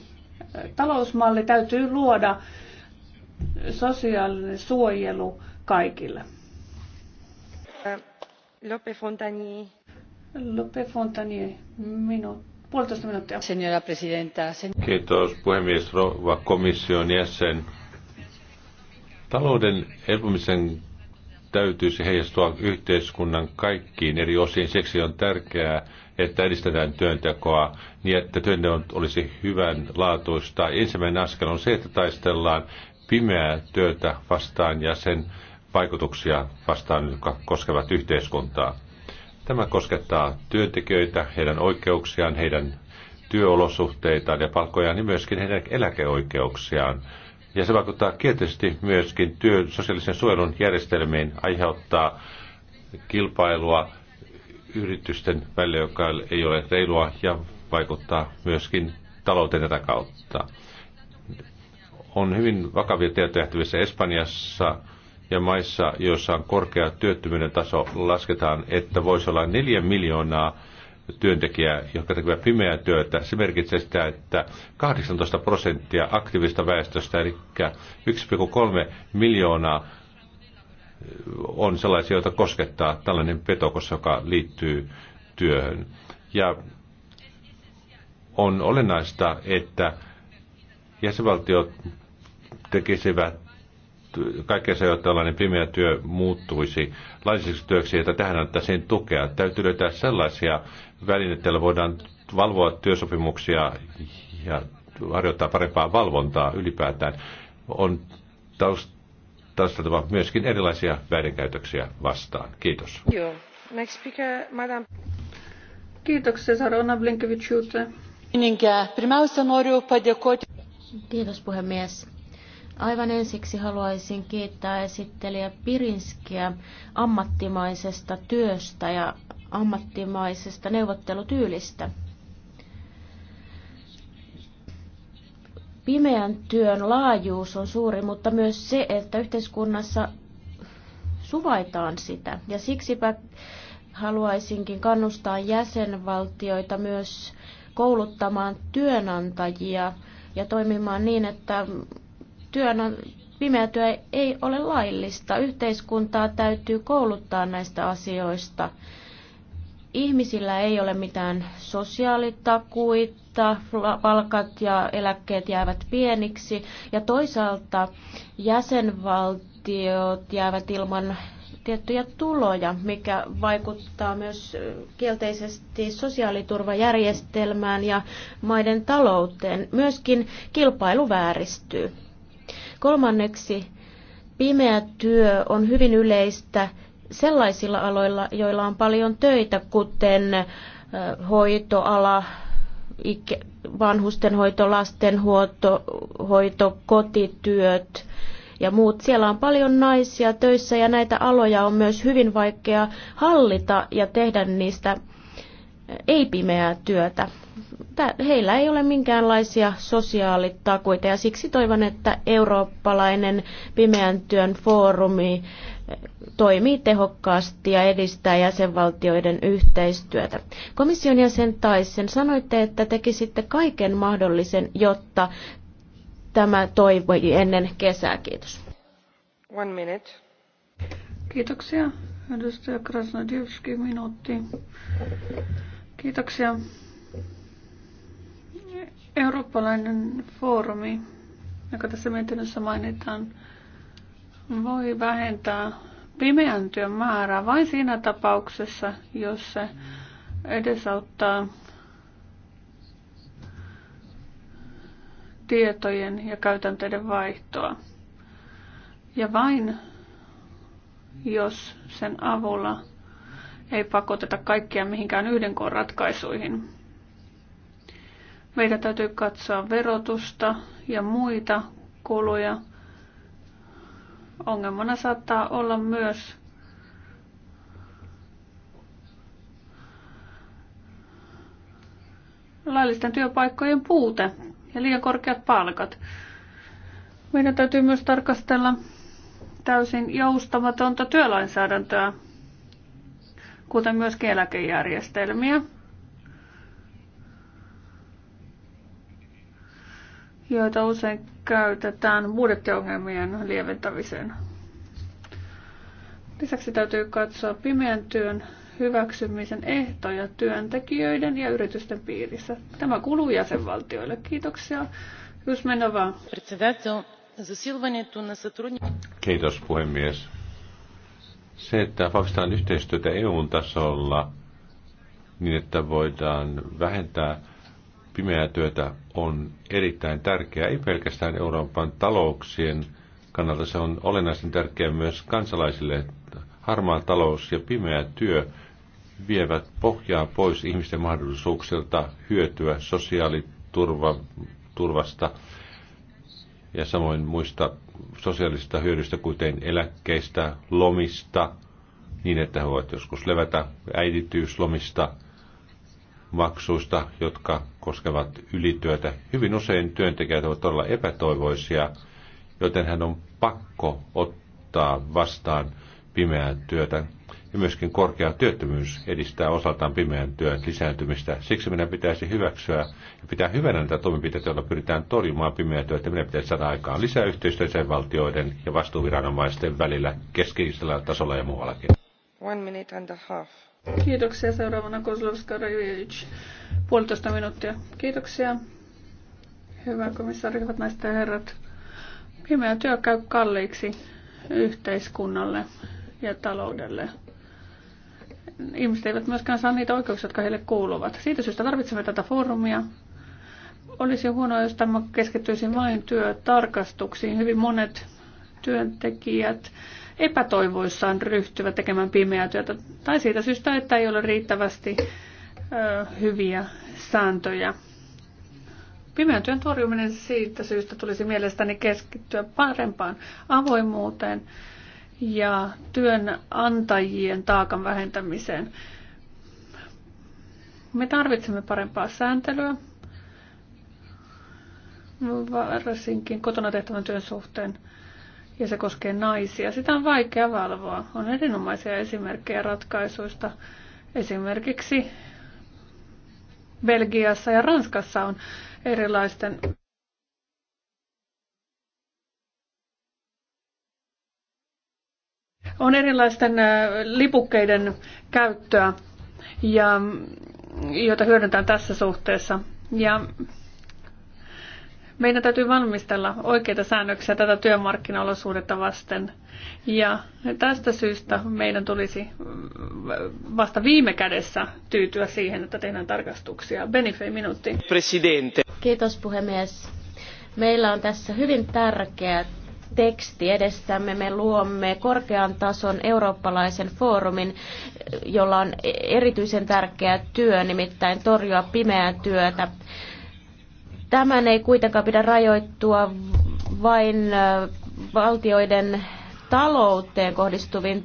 talousmalli, täytyy luoda sosiaalinen suojelu kaikille arvoisa presidenta. puhemies rouva komission jäsen. Talouden elpymisen täytyisi heijastua yhteiskunnan kaikkiin eri osiin. Siksi on tärkeää, että edistetään työntekoa niin, että työnteko olisi hyvän laatuista. Ensimmäinen askel on se, että taistellaan pimeää työtä vastaan ja sen vaikutuksia vastaan, jotka koskevat yhteiskuntaa. Tämä koskettaa työntekijöitä, heidän oikeuksiaan, heidän työolosuhteitaan ja palkkojaan, niin myöskin heidän eläkeoikeuksiaan. Ja se vaikuttaa kielteisesti myöskin työ, sosiaalisen suojelun järjestelmiin, aiheuttaa kilpailua yritysten välillä, joka ei ole reilua, ja vaikuttaa myöskin talouteen tätä kautta. On hyvin vakavia tietoja Espanjassa ja maissa, joissa on korkea työttömyyden taso, lasketaan, että voisi olla neljä miljoonaa työntekijää, jotka tekevät pimeää työtä. Se merkitsee sitä, että 18 prosenttia aktiivista väestöstä, eli 1,3 miljoonaa on sellaisia, joita koskettaa tällainen petokos, joka liittyy työhön. Ja on olennaista, että jäsenvaltiot tekisivät kaikkea se, että tällainen pimeä työ muuttuisi laisiksi työksi, että tähän annettaisiin tukea. Täytyy löytää sellaisia välineitä, joilla voidaan valvoa työsopimuksia ja harjoittaa parempaa valvontaa ylipäätään. On taustatava myöskin erilaisia väärinkäytöksiä vastaan. Kiitos. Joo. Next speaker, madam. Kiitoksia Sarona Blinkevičiūtė. Pirmiausia, Kiitos puhemies. Aivan ensiksi haluaisin kiittää esittelijä Pirinskiä ammattimaisesta työstä ja ammattimaisesta neuvottelutyylistä. Pimeän työn laajuus on suuri, mutta myös se, että yhteiskunnassa suvaitaan sitä. Ja siksipä haluaisinkin kannustaa jäsenvaltioita myös kouluttamaan työnantajia ja toimimaan niin, että työn on, pimeä työ ei ole laillista. Yhteiskuntaa täytyy kouluttaa näistä asioista. Ihmisillä ei ole mitään sosiaalitakuita, palkat ja eläkkeet jäävät pieniksi ja toisaalta jäsenvaltiot jäävät ilman tiettyjä tuloja, mikä vaikuttaa myös kielteisesti sosiaaliturvajärjestelmään ja maiden talouteen. Myöskin kilpailu vääristyy. Kolmanneksi, pimeä työ on hyvin yleistä sellaisilla aloilla, joilla on paljon töitä, kuten hoitoala, vanhustenhoito, lastenhoito, kotityöt ja muut. Siellä on paljon naisia töissä ja näitä aloja on myös hyvin vaikea hallita ja tehdä niistä ei-pimeää työtä heillä ei ole minkäänlaisia sosiaalitakuita ja siksi toivon, että eurooppalainen pimeän työn foorumi eh, toimii tehokkaasti ja edistää jäsenvaltioiden yhteistyötä. Komission jäsen Taisen sanoitte, että tekisitte kaiken mahdollisen, jotta tämä toivoi ennen kesää. Kiitos. One minute. Kiitoksia. Edustaja Krasnodivski, minuutti. Kiitoksia. Eurooppalainen foorumi, joka tässä mietinnössä mainitaan, voi vähentää pimeän työn määrää vain siinä tapauksessa, jos se edesauttaa tietojen ja käytänteiden vaihtoa. Ja vain jos sen avulla ei pakoteta kaikkia mihinkään yhden ratkaisuihin. Meidän täytyy katsoa verotusta ja muita kuluja. Ongelmana saattaa olla myös laillisten työpaikkojen puute ja liian korkeat palkat. Meidän täytyy myös tarkastella täysin joustamatonta työlainsäädäntöä, kuten myös eläkejärjestelmiä. joita usein käytetään budjettiongelmien lieventämiseen. Lisäksi täytyy katsoa pimeän työn hyväksymisen ehtoja työntekijöiden ja yritysten piirissä. Tämä kuuluu jäsenvaltioille. Kiitoksia. Jusmenova. Kiitos puhemies. Se, että vahvistetaan yhteistyötä EUn tasolla niin, että voidaan vähentää pimeää työtä on erittäin tärkeää, ei pelkästään Euroopan talouksien kannalta, se on olennaisen tärkeää myös kansalaisille. Harmaa talous ja pimeä työ vievät pohjaa pois ihmisten mahdollisuuksilta hyötyä sosiaaliturvasta ja samoin muista sosiaalisista hyödyistä, kuten eläkkeistä, lomista, niin että he voivat joskus levätä äidityyslomista, maksuista, jotka koskevat ylityötä. Hyvin usein työntekijät ovat todella epätoivoisia, joten hän on pakko ottaa vastaan pimeää työtä. Ja myöskin korkea työttömyys edistää osaltaan pimeän työn lisääntymistä. Siksi meidän pitäisi hyväksyä ja pitää hyvänä näitä toimenpiteitä, joilla pyritään torjumaan pimeää työtä. Meidän pitäisi saada aikaan lisää yhteistyötä valtioiden ja vastuuviranomaisten välillä keskeisellä tasolla ja muuallakin. One minute and a half. Kiitoksia. Seuraavana Kozlovska Rajevic. Puolitoista minuuttia. Kiitoksia. Hyvä komissaari, hyvät naiset ja herrat. Pimeä työ käy kalliiksi yhteiskunnalle ja taloudelle. Ihmiset eivät myöskään saa niitä oikeuksia, jotka heille kuuluvat. Siitä syystä tarvitsemme tätä foorumia. Olisi huonoa, jos tämä keskittyisi vain työtarkastuksiin. Hyvin monet työntekijät epätoivoissaan ryhtyvät tekemään pimeää työtä tai siitä syystä, että ei ole riittävästi ö, hyviä sääntöjä. Pimeän työn torjuminen siitä syystä tulisi mielestäni keskittyä parempaan avoimuuteen ja työnantajien taakan vähentämiseen. Me tarvitsemme parempaa sääntelyä, varsinkin kotona tehtävän työn suhteen ja se koskee naisia. Sitä on vaikea valvoa. On erinomaisia esimerkkejä ratkaisuista. Esimerkiksi Belgiassa ja Ranskassa on erilaisten on erilaisten lipukkeiden käyttöä, ja, joita hyödyntää tässä suhteessa. Ja meidän täytyy valmistella oikeita säännöksiä tätä työmarkkinaolosuudetta vasten. Ja tästä syystä meidän tulisi mm, vasta viime kädessä tyytyä siihen, että tehdään tarkastuksia. Benifei minuutti. Presidente. Kiitos puhemies. Meillä on tässä hyvin tärkeä teksti edessämme. Me luomme korkean tason eurooppalaisen foorumin, jolla on erityisen tärkeä työ, nimittäin torjua pimeää työtä. Tämän ei kuitenkaan pidä rajoittua vain valtioiden talouteen kohdistuviin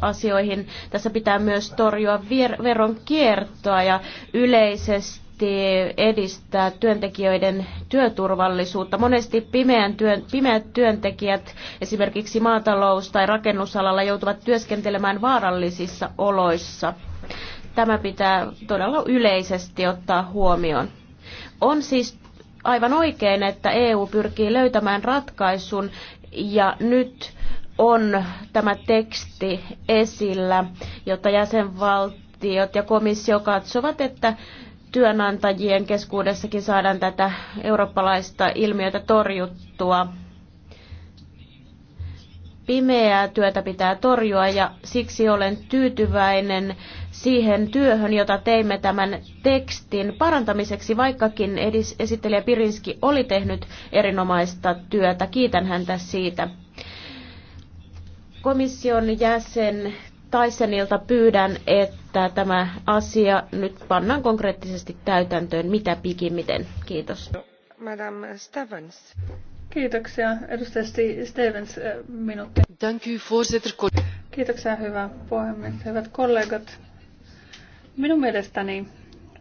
asioihin. Tässä pitää myös torjua veron kiertoa ja yleisesti edistää työntekijöiden työturvallisuutta. Monesti pimeän työn, pimeät työntekijät esimerkiksi maatalous- tai rakennusalalla joutuvat työskentelemään vaarallisissa oloissa. Tämä pitää todella yleisesti ottaa huomioon. On siis aivan oikein, että EU pyrkii löytämään ratkaisun ja nyt on tämä teksti esillä, jotta jäsenvaltiot ja komissio katsovat, että työnantajien keskuudessakin saadaan tätä eurooppalaista ilmiötä torjuttua. Pimeää työtä pitää torjua ja siksi olen tyytyväinen siihen työhön, jota teimme tämän tekstin parantamiseksi, vaikkakin edis, esittelijä Pirinski oli tehnyt erinomaista työtä. Kiitän häntä siitä. Komission jäsen Taisenilta pyydän, että tämä asia nyt pannaan konkreettisesti täytäntöön mitä pikimmiten. Kiitos. Madame Stevens. Kiitoksia. Edustaja Stevens, eh, minuutti. Kiitoksia, hyvä puhemies. Hyvät kollegat, Minun mielestäni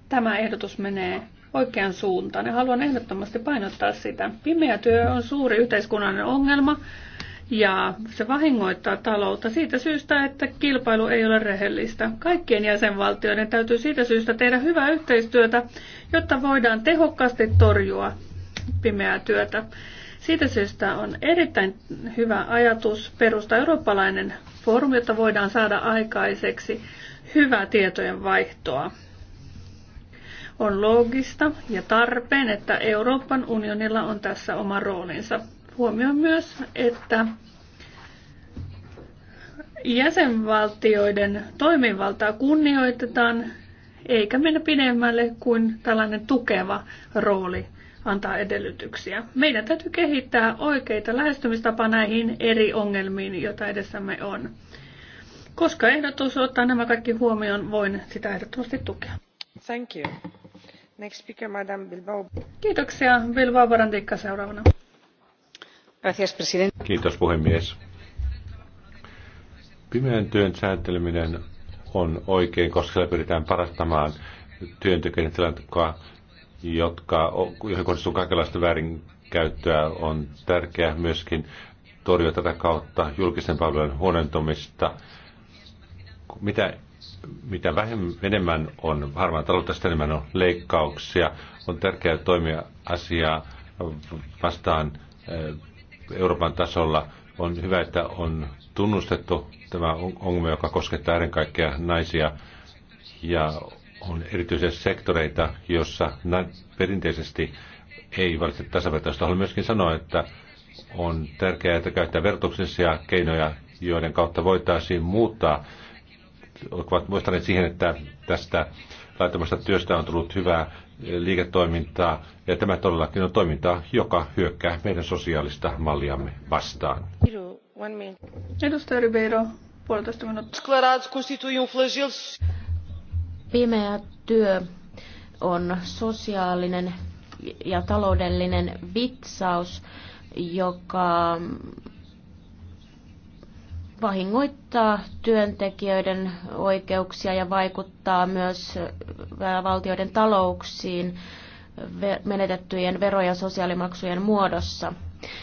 tämä ehdotus menee oikean suuntaan ja haluan ehdottomasti painottaa sitä. Pimeä työ on suuri yhteiskunnallinen ongelma ja se vahingoittaa taloutta siitä syystä, että kilpailu ei ole rehellistä. Kaikkien jäsenvaltioiden täytyy siitä syystä tehdä hyvää yhteistyötä, jotta voidaan tehokkaasti torjua pimeää työtä. Siitä syystä on erittäin hyvä ajatus perustaa eurooppalainen foorumi, jotta voidaan saada aikaiseksi hyvää tietojen vaihtoa. On loogista ja tarpeen, että Euroopan unionilla on tässä oma roolinsa. Huomioon myös, että jäsenvaltioiden toimivaltaa kunnioitetaan, eikä mennä pidemmälle kuin tällainen tukeva rooli antaa edellytyksiä. Meidän täytyy kehittää oikeita lähestymistapaa näihin eri ongelmiin, joita edessämme on. Koska ehdotus ottaa nämä kaikki huomioon, voin sitä ehdottomasti tukea. Thank you. Next speaker, Madame Bilbao. Kiitoksia. Bilbao Barandikka seuraavana. Gracias, president. Kiitos puhemies. Pimeän työn säänteleminen on oikein, koska sillä pyritään parantamaan työntekijöiden tilannetta, jotka, joihin kohdistuu kaikenlaista väärinkäyttöä, on tärkeää myöskin torjua tätä kautta julkisen palvelun huonontumista mitä, mitä vähemmän, enemmän on harmaa taloutta, sitä enemmän on leikkauksia. On tärkeää toimia asiaa vastaan eh, Euroopan tasolla. On hyvä, että on tunnustettu tämä ongelma, joka koskettaa ennen kaikkea naisia. Ja on erityisiä sektoreita, joissa perinteisesti ei valitse tasavertaista. Haluan myöskin sanoa, että on tärkeää, että käyttää vertauksellisia keinoja, joiden kautta voitaisiin muuttaa ovat muistaneet siihen, että tästä laittomasta työstä on tullut hyvää liiketoimintaa, ja tämä todellakin on toimintaa, joka hyökkää meidän sosiaalista malliamme vastaan. Edustaja Ribeiro, puolitoista minuuttia. Um Pimeä työ on sosiaalinen ja taloudellinen vitsaus, joka vahingoittaa työntekijöiden oikeuksia ja vaikuttaa myös valtioiden talouksiin menetettyjen vero- ja sosiaalimaksujen muodossa.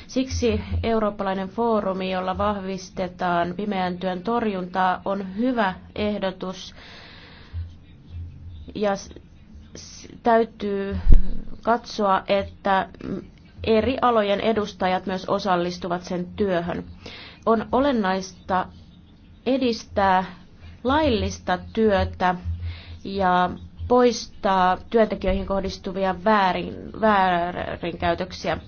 Siksi eurooppalainen foorumi, jolla vahvistetaan pimeän työn torjuntaa, on hyvä ehdotus ja täytyy katsoa, että eri alojen edustajat myös osallistuvat sen työhön on olennaista edistää laillista työtä ja poistaa työntekijöihin kohdistuvia väärin, väärinkäytöksiä.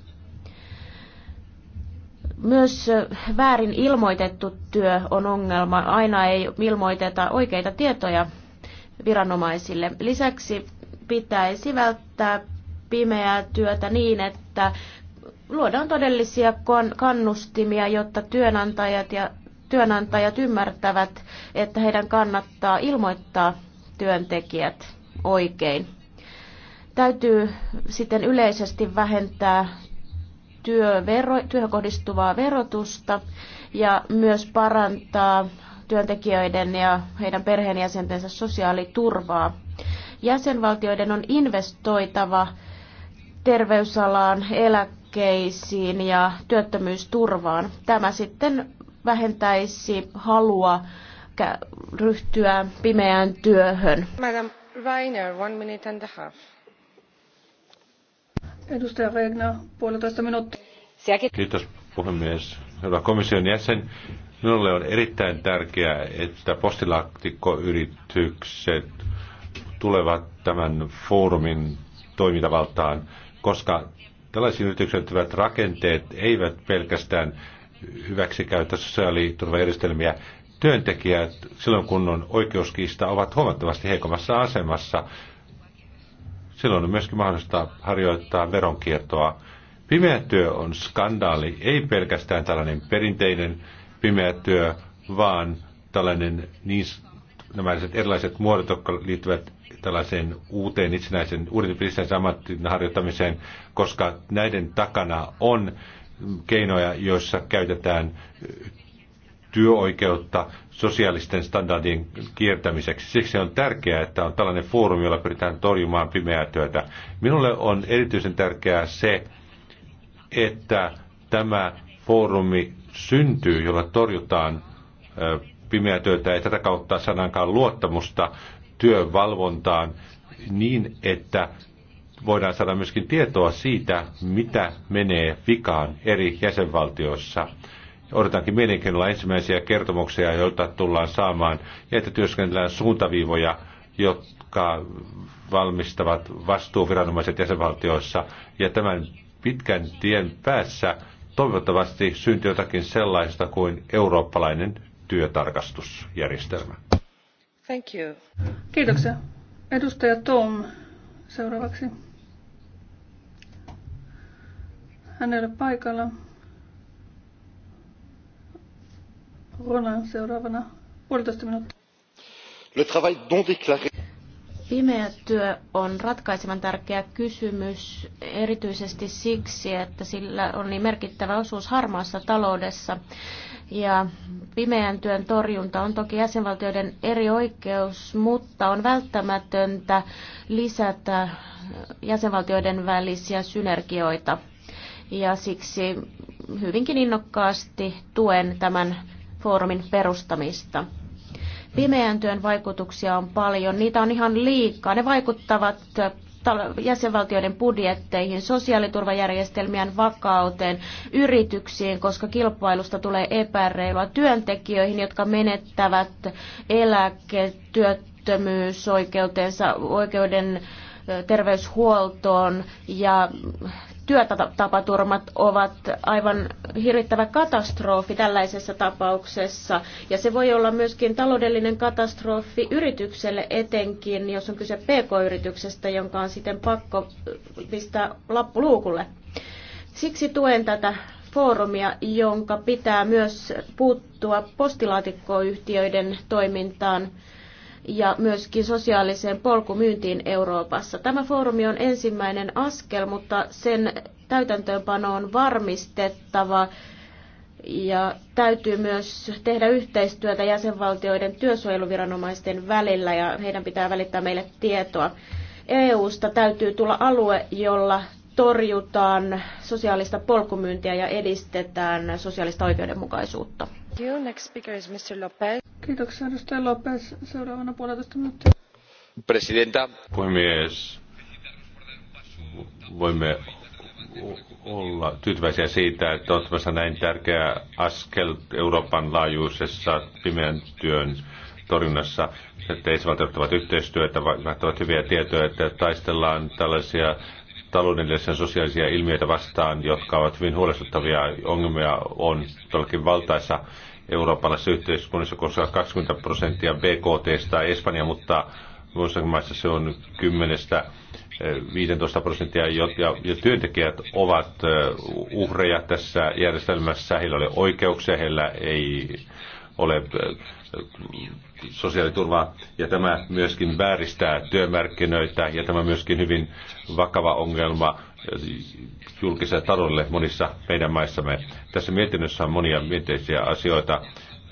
Myös väärin ilmoitettu työ on ongelma. Aina ei ilmoiteta oikeita tietoja viranomaisille. Lisäksi pitäisi välttää pimeää työtä niin, että luodaan todellisia kannustimia, jotta työnantajat ja työnantajat ymmärtävät, että heidän kannattaa ilmoittaa työntekijät oikein. Täytyy sitten yleisesti vähentää työvero, työhön kohdistuvaa verotusta ja myös parantaa työntekijöiden ja heidän perheenjäsentensä sosiaaliturvaa. Jäsenvaltioiden on investoitava terveysalaan, eläkkeeseen, eläkkeisiin ja työttömyysturvaan. Tämä sitten vähentäisi halua ryhtyä pimeään työhön. Madam Reiner, one minute and a half. Edustaja Regner, puolitoista minuuttia. Kiitos puhemies. Hyvä komission jäsen. Minulle on erittäin tärkeää, että postilaatikkoyritykset tulevat tämän foorumin toimintavaltaan, koska Tällaisiin yrityksiin liittyvät rakenteet eivät pelkästään hyväksikäytä sosiaaliturvajärjestelmiä. Työntekijät silloin kun on oikeuskiista ovat huomattavasti heikommassa asemassa. Silloin on myöskin mahdollista harjoittaa veronkiertoa. Pimeä työ on skandaali, ei pelkästään tällainen perinteinen pimeä työ, vaan tällainen niin, nämä erilaiset muodot, jotka liittyvät tällaiseen uuteen itsenäisen, uuden itsenäisen ammattin harjoittamiseen, koska näiden takana on keinoja, joissa käytetään työoikeutta sosiaalisten standardien kiertämiseksi. Siksi on tärkeää, että on tällainen foorumi, jolla pyritään torjumaan pimeää työtä. Minulle on erityisen tärkeää se, että tämä foorumi syntyy, jolla torjutaan pimeää työtä ja tätä kautta saadaankaan luottamusta työvalvontaan niin, että voidaan saada myöskin tietoa siitä, mitä menee vikaan eri jäsenvaltioissa. Odotankin mielenkiinnolla ensimmäisiä kertomuksia, joita tullaan saamaan, ja että työskennellään suuntaviivoja, jotka valmistavat vastuuviranomaiset jäsenvaltioissa. Ja tämän pitkän tien päässä toivottavasti syntyy jotakin sellaista kuin eurooppalainen työtarkastusjärjestelmä. Thank you. Kiitoksia. Edustaja Tom seuraavaksi. Hän ei ole paikalla. Ronan seuraavana puolitoista minuuttia. Le travail non déclaré. Pimeä työ on ratkaisevan tärkeä kysymys erityisesti siksi, että sillä on niin merkittävä osuus harmaassa taloudessa. Ja pimeän työn torjunta on toki jäsenvaltioiden eri oikeus, mutta on välttämätöntä lisätä jäsenvaltioiden välisiä synergioita. Ja siksi hyvinkin innokkaasti tuen tämän foorumin perustamista. Pimeän työn vaikutuksia on paljon, niitä on ihan liikaa. Ne vaikuttavat jäsenvaltioiden budjetteihin, sosiaaliturvajärjestelmien vakauteen, yrityksiin, koska kilpailusta tulee epäreilua, työntekijöihin, jotka menettävät eläketyöttömyysoikeutensa, oikeuden terveyshuoltoon ja työtapaturmat ovat aivan hirvittävä katastrofi tällaisessa tapauksessa. Ja se voi olla myöskin taloudellinen katastrofi yritykselle etenkin, jos on kyse pk-yrityksestä, jonka on sitten pakko pistää lappu luukulle. Siksi tuen tätä foorumia, jonka pitää myös puuttua postilaatikkoyhtiöiden toimintaan ja myöskin sosiaaliseen polkumyyntiin Euroopassa. Tämä foorumi on ensimmäinen askel, mutta sen täytäntöönpano on varmistettava ja täytyy myös tehdä yhteistyötä jäsenvaltioiden työsuojeluviranomaisten välillä ja heidän pitää välittää meille tietoa. EUsta täytyy tulla alue, jolla torjutaan sosiaalista polkumyyntiä ja edistetään sosiaalista oikeudenmukaisuutta arvoisa Seuraavana Presidenta. Puhemies. Voimme olla tyytyväisiä siitä, että ottamassa näin tärkeä askel Euroopan laajuisessa pimeän työn torjunnassa, että Yhdysvallat ovat yhteistyötä, vaihtavat hyviä tietoja, että taistellaan tällaisia taloudellisia ja sosiaalisia ilmiöitä vastaan, jotka ovat hyvin huolestuttavia. Ongelmia on todellakin valtaissa eurooppalaisessa yhteiskunnassa, koska 20 prosenttia BKTstä Espanja, mutta muissa maissa se on 10-15 eh, prosenttia, ja, ja työntekijät ovat eh, uhreja tässä järjestelmässä. Heillä ei ole oikeuksia, heillä ei ole äh, sosiaaliturvaa, ja tämä myöskin vääristää työmarkkinoita, ja tämä myöskin hyvin vakava ongelma äh, julkiselle taloudelle monissa meidän maissamme. Tässä mietinnössä on monia myönteisiä asioita,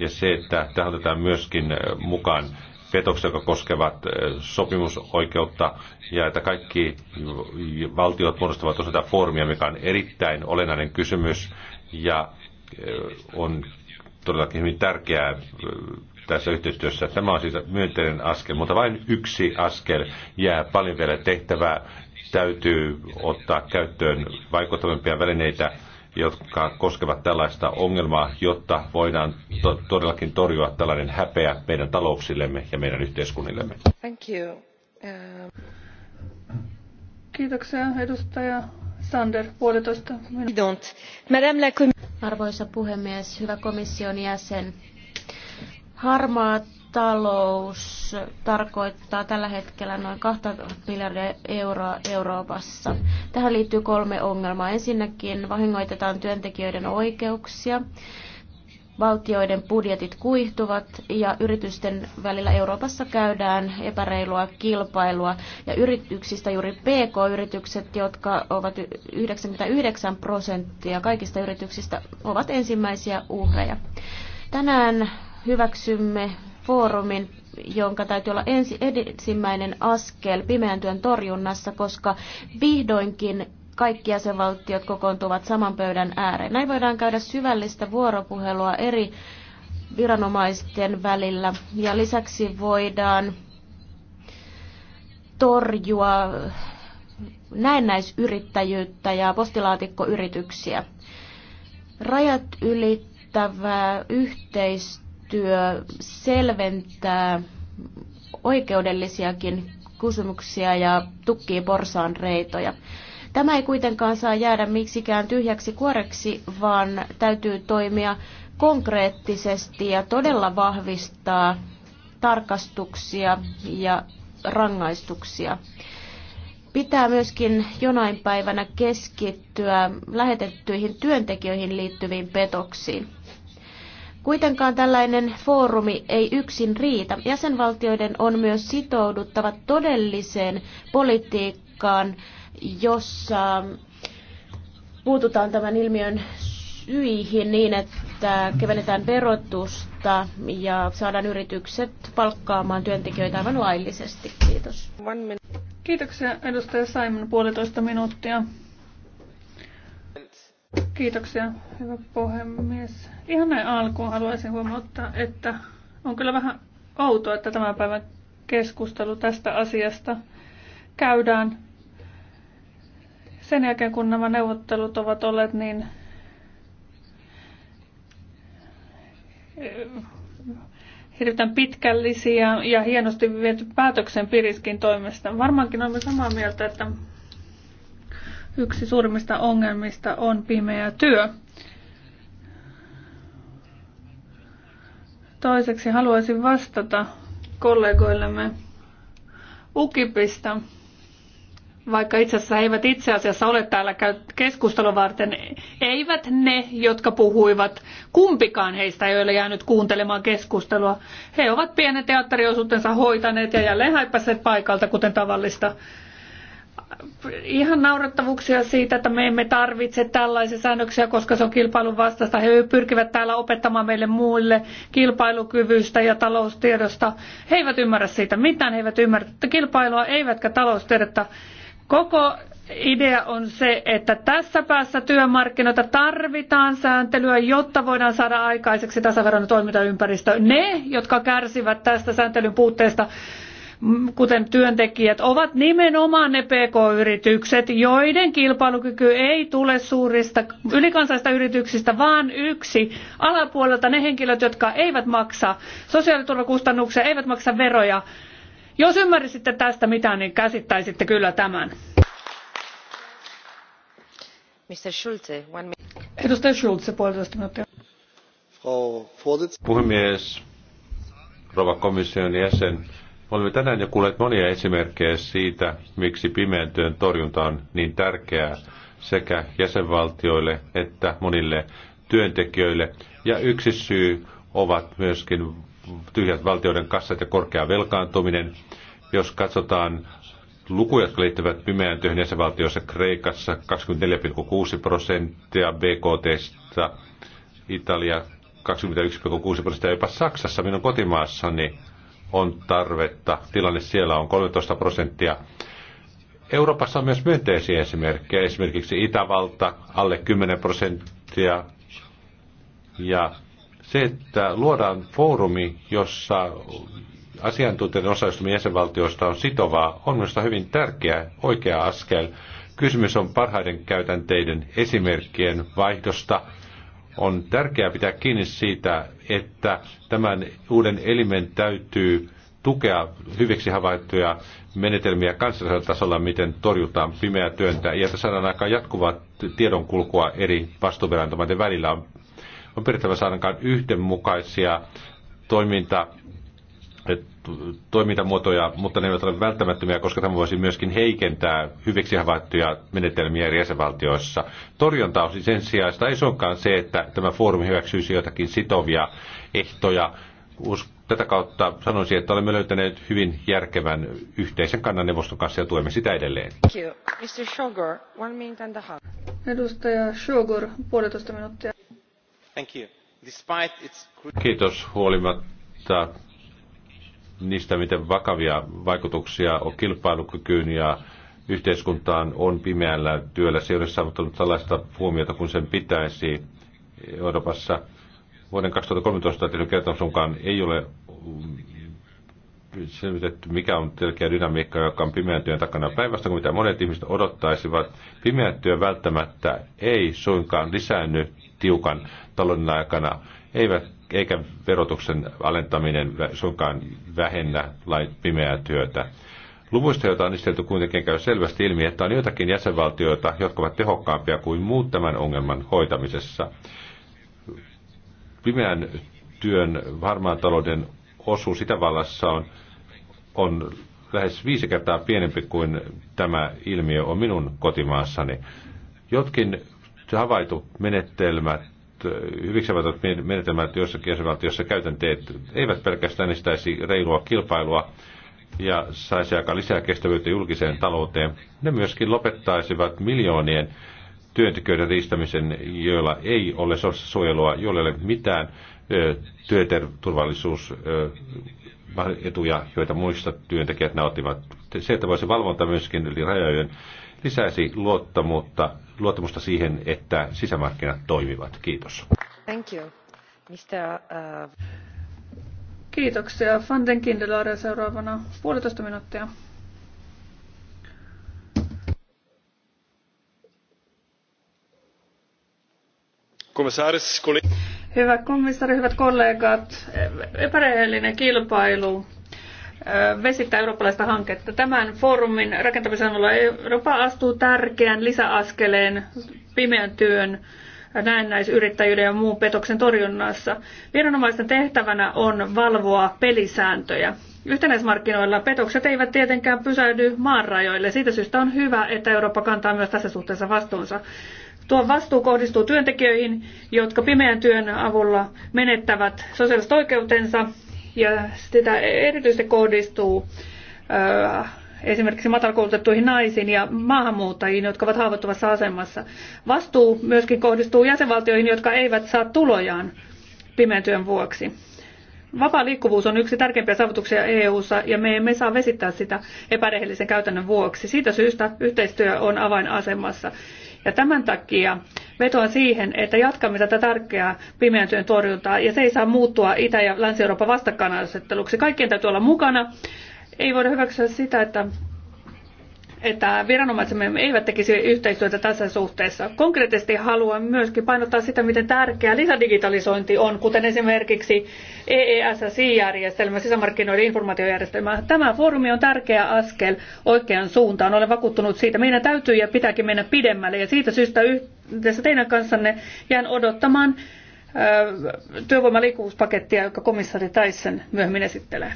ja se, että tähän otetaan myöskin äh, mukaan petokset, jotka koskevat sopimusoikeutta, ja että kaikki valtiot muodostavat osata foorumia, mikä on erittäin olennainen kysymys, ja on todellakin hyvin tärkeää äh, tässä yhteistyössä. Tämä on siis myönteinen askel, mutta vain yksi askel jää paljon vielä tehtävää. Täytyy ottaa käyttöön vaikuttavampia välineitä, jotka koskevat tällaista ongelmaa, jotta voidaan to- todellakin torjua tällainen häpeä meidän talouksillemme ja meidän yhteiskunnillemme. Thank you. Uh... Kiitoksia edustaja Arvoisa puhemies, hyvä komission jäsen. Harmaa talous tarkoittaa tällä hetkellä noin 2 miljardia euroa Euroopassa. Tähän liittyy kolme ongelmaa. Ensinnäkin vahingoitetaan työntekijöiden oikeuksia valtioiden budjetit kuihtuvat ja yritysten välillä Euroopassa käydään epäreilua kilpailua. Ja yrityksistä juuri PK-yritykset, jotka ovat 99 prosenttia kaikista yrityksistä, ovat ensimmäisiä uhreja. Tänään hyväksymme foorumin jonka täytyy olla ensi, ensimmäinen askel pimeän työn torjunnassa, koska vihdoinkin kaikki jäsenvaltiot kokoontuvat saman pöydän ääreen. Näin voidaan käydä syvällistä vuoropuhelua eri viranomaisten välillä ja lisäksi voidaan torjua näennäisyrittäjyyttä ja postilaatikkoyrityksiä. Rajat ylittävä yhteistyö selventää oikeudellisiakin kysymyksiä ja tukkii porsaan reitoja. Tämä ei kuitenkaan saa jäädä miksikään tyhjäksi kuoreksi, vaan täytyy toimia konkreettisesti ja todella vahvistaa tarkastuksia ja rangaistuksia. Pitää myöskin jonain päivänä keskittyä lähetettyihin työntekijöihin liittyviin petoksiin. Kuitenkaan tällainen foorumi ei yksin riitä. Jäsenvaltioiden on myös sitouduttava todelliseen politiikkaan, jossa puututaan tämän ilmiön syihin niin, että kevennetään verotusta ja saadaan yritykset palkkaamaan työntekijöitä aivan laillisesti. Kiitos. Kiitoksia edustaja Simon, puolitoista minuuttia. Kiitoksia, hyvä puhemies. Ihan näin alkuun haluaisin huomauttaa, että on kyllä vähän outoa, että tämän päivän keskustelu tästä asiasta käydään sen jälkeen, kun nämä neuvottelut ovat olleet niin eh, hirveän pitkällisiä ja hienosti viety päätöksen Piriskin toimesta. Varmaankin olemme samaa mieltä, että yksi suurimmista ongelmista on pimeä työ. Toiseksi haluaisin vastata kollegoillemme Ukipista vaikka itse asiassa he eivät itse asiassa ole täällä keskustelua varten, eivät ne, jotka puhuivat, kumpikaan heistä ei ole jäänyt kuuntelemaan keskustelua. He ovat pienen teatteriosuutensa hoitaneet ja jälleen häippässeet paikalta, kuten tavallista. Ihan naurettavuuksia siitä, että me emme tarvitse tällaisia säännöksiä, koska se on kilpailun vastaista. He pyrkivät täällä opettamaan meille muille kilpailukyvystä ja taloustiedosta. He eivät ymmärrä siitä mitään, he eivät ymmärrä kilpailua, eivätkä taloustiedettä Koko idea on se, että tässä päässä työmarkkinoita tarvitaan sääntelyä, jotta voidaan saada aikaiseksi tasaveroinen toimintaympäristö. Ne, jotka kärsivät tästä sääntelyn puutteesta, mm, kuten työntekijät, ovat nimenomaan ne pk-yritykset, joiden kilpailukyky ei tule suurista ylikansallisista yrityksistä, vaan yksi alapuolelta ne henkilöt, jotka eivät maksa sosiaaliturvakustannuksia, eivät maksa veroja, jos ymmärsitte tästä mitään, niin käsittäisitte kyllä tämän. Mr. Schulze, one Edustaja Schulze, puolitoista minuuttia. Puhemies, rouva komission jäsen, olemme tänään jo kuulleet monia esimerkkejä siitä, miksi pimeän työn torjunta on niin tärkeää sekä jäsenvaltioille että monille työntekijöille. Ja yksi syy ovat myöskin tyhjät valtioiden kassat ja korkea velkaantuminen. Jos katsotaan lukuja, jotka liittyvät pimeään työhön jäsenvaltioissa Kreikassa 24,6 prosenttia BKTstä, Italia 21,6 prosenttia, jopa Saksassa, minun kotimaassani, on tarvetta. Tilanne siellä on 13 prosenttia. Euroopassa on myös myönteisiä esimerkkejä, esimerkiksi Itävalta alle 10 prosenttia. Ja se, että luodaan foorumi, jossa asiantuntijoiden osallistuminen jäsenvaltioista on sitovaa, on myös hyvin tärkeä oikea askel. Kysymys on parhaiden käytänteiden esimerkkien vaihdosta. On tärkeää pitää kiinni siitä, että tämän uuden elimen täytyy tukea hyviksi havaittuja menetelmiä kansallisella tasolla, miten torjutaan pimeää työntä, ja että saadaan aika jatkuvaa tiedonkulkua eri vastuuviranomaisten välillä. On, on pidettävä saada yhdenmukaisia toiminta toimintamuotoja, mutta ne eivät ole välttämättömiä, koska tämä voisi myöskin heikentää hyviksi havaittuja menetelmiä eri jäsenvaltioissa. Torjunta on siis sen sijaista, ei suinkaan se, että tämä foorumi hyväksyisi jotakin sitovia ehtoja. Tätä kautta sanoisin, että olemme löytäneet hyvin järkevän yhteisen kannan neuvoston kanssa ja tuemme sitä edelleen. Mr. Shogor, one minute and a half. Edustaja Shogor, puolitoista minuuttia. Thank you. Despite its... Kiitos huolimatta niistä, miten vakavia vaikutuksia on kilpailukykyyn ja yhteiskuntaan on pimeällä työllä. Se ei ole saavuttanut tällaista huomiota kuin sen pitäisi Euroopassa. Vuoden 2013 tehty kertomus mukaan ei ole selvitetty, mikä on selkeä dynamiikka, joka on pimeän työn takana päivästä, kuin mitä monet ihmiset odottaisivat. Pimeä työ välttämättä ei suinkaan lisäänny tiukan talouden aikana. Eivät eikä verotuksen alentaminen suinkaan vähennä pimeää työtä. Luvuista, joita on istelty, kuitenkin käy selvästi ilmi, että on joitakin jäsenvaltioita, jotka ovat tehokkaampia kuin muut tämän ongelman hoitamisessa. Pimeän työn harmaan talouden osuus Itävallassa on, on lähes viisi kertaa pienempi kuin tämä ilmiö on minun kotimaassani. Jotkin havaitut menetelmät Äh, hyviksi havaitut menetelmät joissakin jäsenvaltioissa käytänteet eivät pelkästään estäisi reilua kilpailua ja saisi aika lisää kestävyyttä julkiseen talouteen. Ne myöskin lopettaisivat miljoonien työntekijöiden riistämisen, joilla ei ole suojelua, joilla ei ole mitään työturvallisuusetuja, joita muista työntekijät nauttivat. Se, että voisi valvonta myöskin yli rajojen, lisäisi luottamuutta luottamusta siihen, että sisämarkkinat toimivat. Kiitos. Thank you. Mr. Uh... Kiitoksia. Fanden Kindelare seuraavana puolitoista minuuttia. Hyvä komissaari, hyvät kollegat. Epärehellinen kilpailu vesittää eurooppalaista hanketta. Tämän foorumin rakentamisen avulla Eurooppa astuu tärkeän lisäaskeleen pimeän työn näennäisyrittäjyyden ja muun petoksen torjunnassa. Viranomaisten tehtävänä on valvoa pelisääntöjä. Yhtenäismarkkinoilla petokset eivät tietenkään pysäydy maanrajoille Siitä syystä on hyvä, että Eurooppa kantaa myös tässä suhteessa vastuunsa. Tuo vastuu kohdistuu työntekijöihin, jotka pimeän työn avulla menettävät sosiaaliset oikeutensa ja sitä erityisesti kohdistuu esimerkiksi matalakoulutettuihin naisiin ja maahanmuuttajiin, jotka ovat haavoittuvassa asemassa. Vastuu myöskin kohdistuu jäsenvaltioihin, jotka eivät saa tulojaan pimeän työn vuoksi. Vapaa liikkuvuus on yksi tärkeimpiä saavutuksia EU:ssa ja me emme saa vesittää sitä epärehellisen käytännön vuoksi. Siitä syystä yhteistyö on avainasemassa. Ja tämän takia vetoan siihen, että jatkamme tätä tärkeää pimeän työn torjuntaa ja se ei saa muuttua Itä- ja Länsi-Euroopan vastakkainasetteluksi. Kaikkien täytyy olla mukana. Ei voida hyväksyä sitä, että että viranomaisemme eivät tekisi yhteistyötä tässä suhteessa. Konkreettisesti haluan myöskin painottaa sitä, miten tärkeää lisädigitalisointi on, kuten esimerkiksi EESSI-järjestelmä, sisämarkkinoiden informaatiojärjestelmä. Tämä foorumi on tärkeä askel oikeaan suuntaan. Olen vakuuttunut siitä. Meidän täytyy ja pitääkin mennä pidemmälle ja siitä syystä yhdessä teidän kanssanne jään odottamaan työvoimaliikkuvuuspakettia, joka komissaari Tyson myöhemmin esittelee.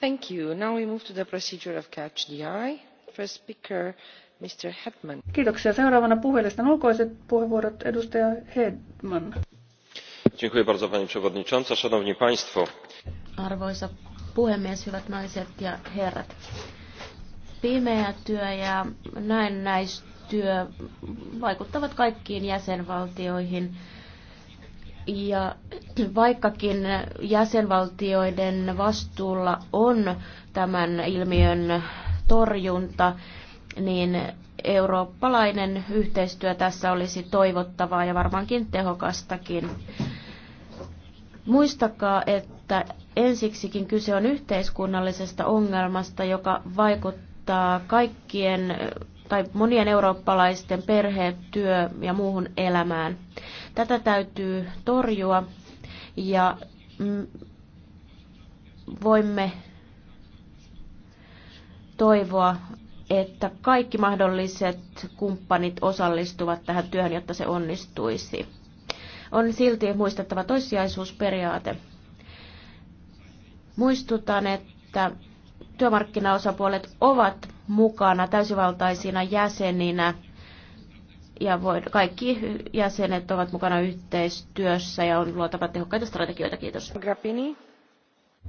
Thank you. Now we move to the procedure of catch the eye. Speaker, Mr. Hedman. Kiitoksia. Seuraavana puhujalistan ulkoiset puheenvuorot edustaja Hedman. Dziękuję bardzo pani przewodnicząca, szanowni państwo. Arvoisa puhemies, hyvät naiset ja herrat. Pimeä työ ja näennäistyö vaikuttavat kaikkiin jäsenvaltioihin. Ja vaikkakin jäsenvaltioiden vastuulla on tämän ilmiön torjunta, niin eurooppalainen yhteistyö tässä olisi toivottavaa ja varmaankin tehokastakin. Muistakaa, että ensiksikin kyse on yhteiskunnallisesta ongelmasta, joka vaikuttaa kaikkien tai monien eurooppalaisten perheet, työ ja muuhun elämään. Tätä täytyy torjua ja voimme toivoa, että kaikki mahdolliset kumppanit osallistuvat tähän työhön, jotta se onnistuisi. On silti muistettava toissijaisuusperiaate. Muistutan, että työmarkkinaosapuolet ovat mukana täysivaltaisina jäseninä ja kaikki jäsenet ovat mukana yhteistyössä ja on luotava tehokkaita strategioita. Kiitos. Grappini.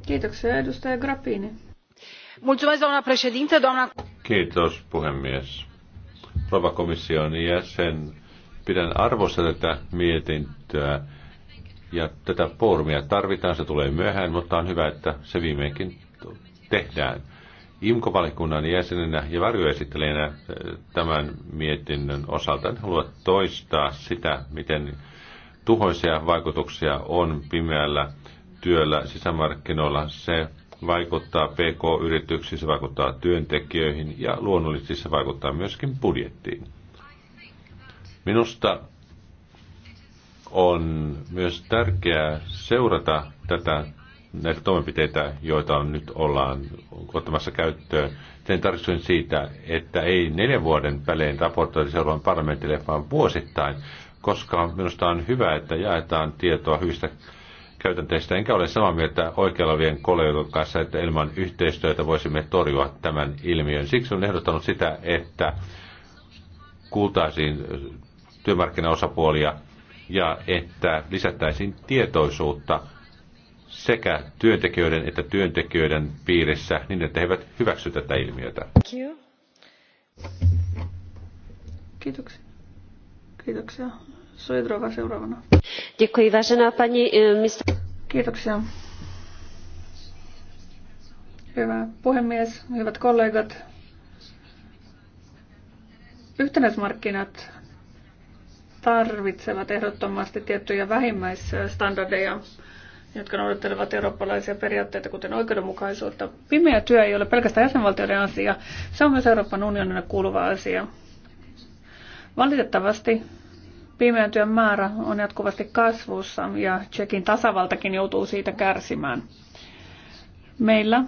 Kiitoksia edustaja Grappini doamnă președintă, doamnă... Kiitos puhemies. Rova komission jäsen, pidän arvossa tätä mietintöä ja tätä foorumia tarvitaan, se tulee myöhään, mutta on hyvä, että se viimeinkin tehdään. IMKO-valikunnan jäsenenä ja varjoesittelijänä eh, tämän mietinnön osalta en halua toistaa sitä, miten tuhoisia vaikutuksia on pimeällä työllä sisämarkkinoilla. Se vaikuttaa PK-yrityksiin, se vaikuttaa työntekijöihin ja luonnollisesti se vaikuttaa myöskin budjettiin. Minusta on myös tärkeää seurata tätä, näitä toimenpiteitä, joita on nyt ollaan ottamassa käyttöön. Sen tarkistuksen siitä, että ei neljän vuoden välein raportoida seuraavan parlamentille, vaan vuosittain, koska minusta on hyvä, että jaetaan tietoa hyvistä käytänteistä, enkä ole samaa mieltä oikealla vien kollegoiden kanssa, että ilman yhteistyötä voisimme torjua tämän ilmiön. Siksi on ehdottanut sitä, että kuultaisiin työmarkkinaosapuolia ja että lisättäisiin tietoisuutta sekä työntekijöiden että työntekijöiden piirissä niin, että he eivät hyväksy tätä ilmiötä. Kiitoksia. Kiitoksia. Soidrova seuraavana. Děkuji, vážená paní eh, Kiitoksia. Hyvä puhemies, hyvät kollegat. Yhtenäismarkkinat tarvitsevat ehdottomasti tiettyjä vähimmäisstandardeja, jotka noudattelevat eurooppalaisia periaatteita, kuten oikeudenmukaisuutta. Pimeä työ ei ole pelkästään jäsenvaltioiden asia, se on myös Euroopan unionille kuuluva asia. Valitettavasti Pimeän työn määrä on jatkuvasti kasvussa ja Tsekin tasavaltakin joutuu siitä kärsimään. Meillä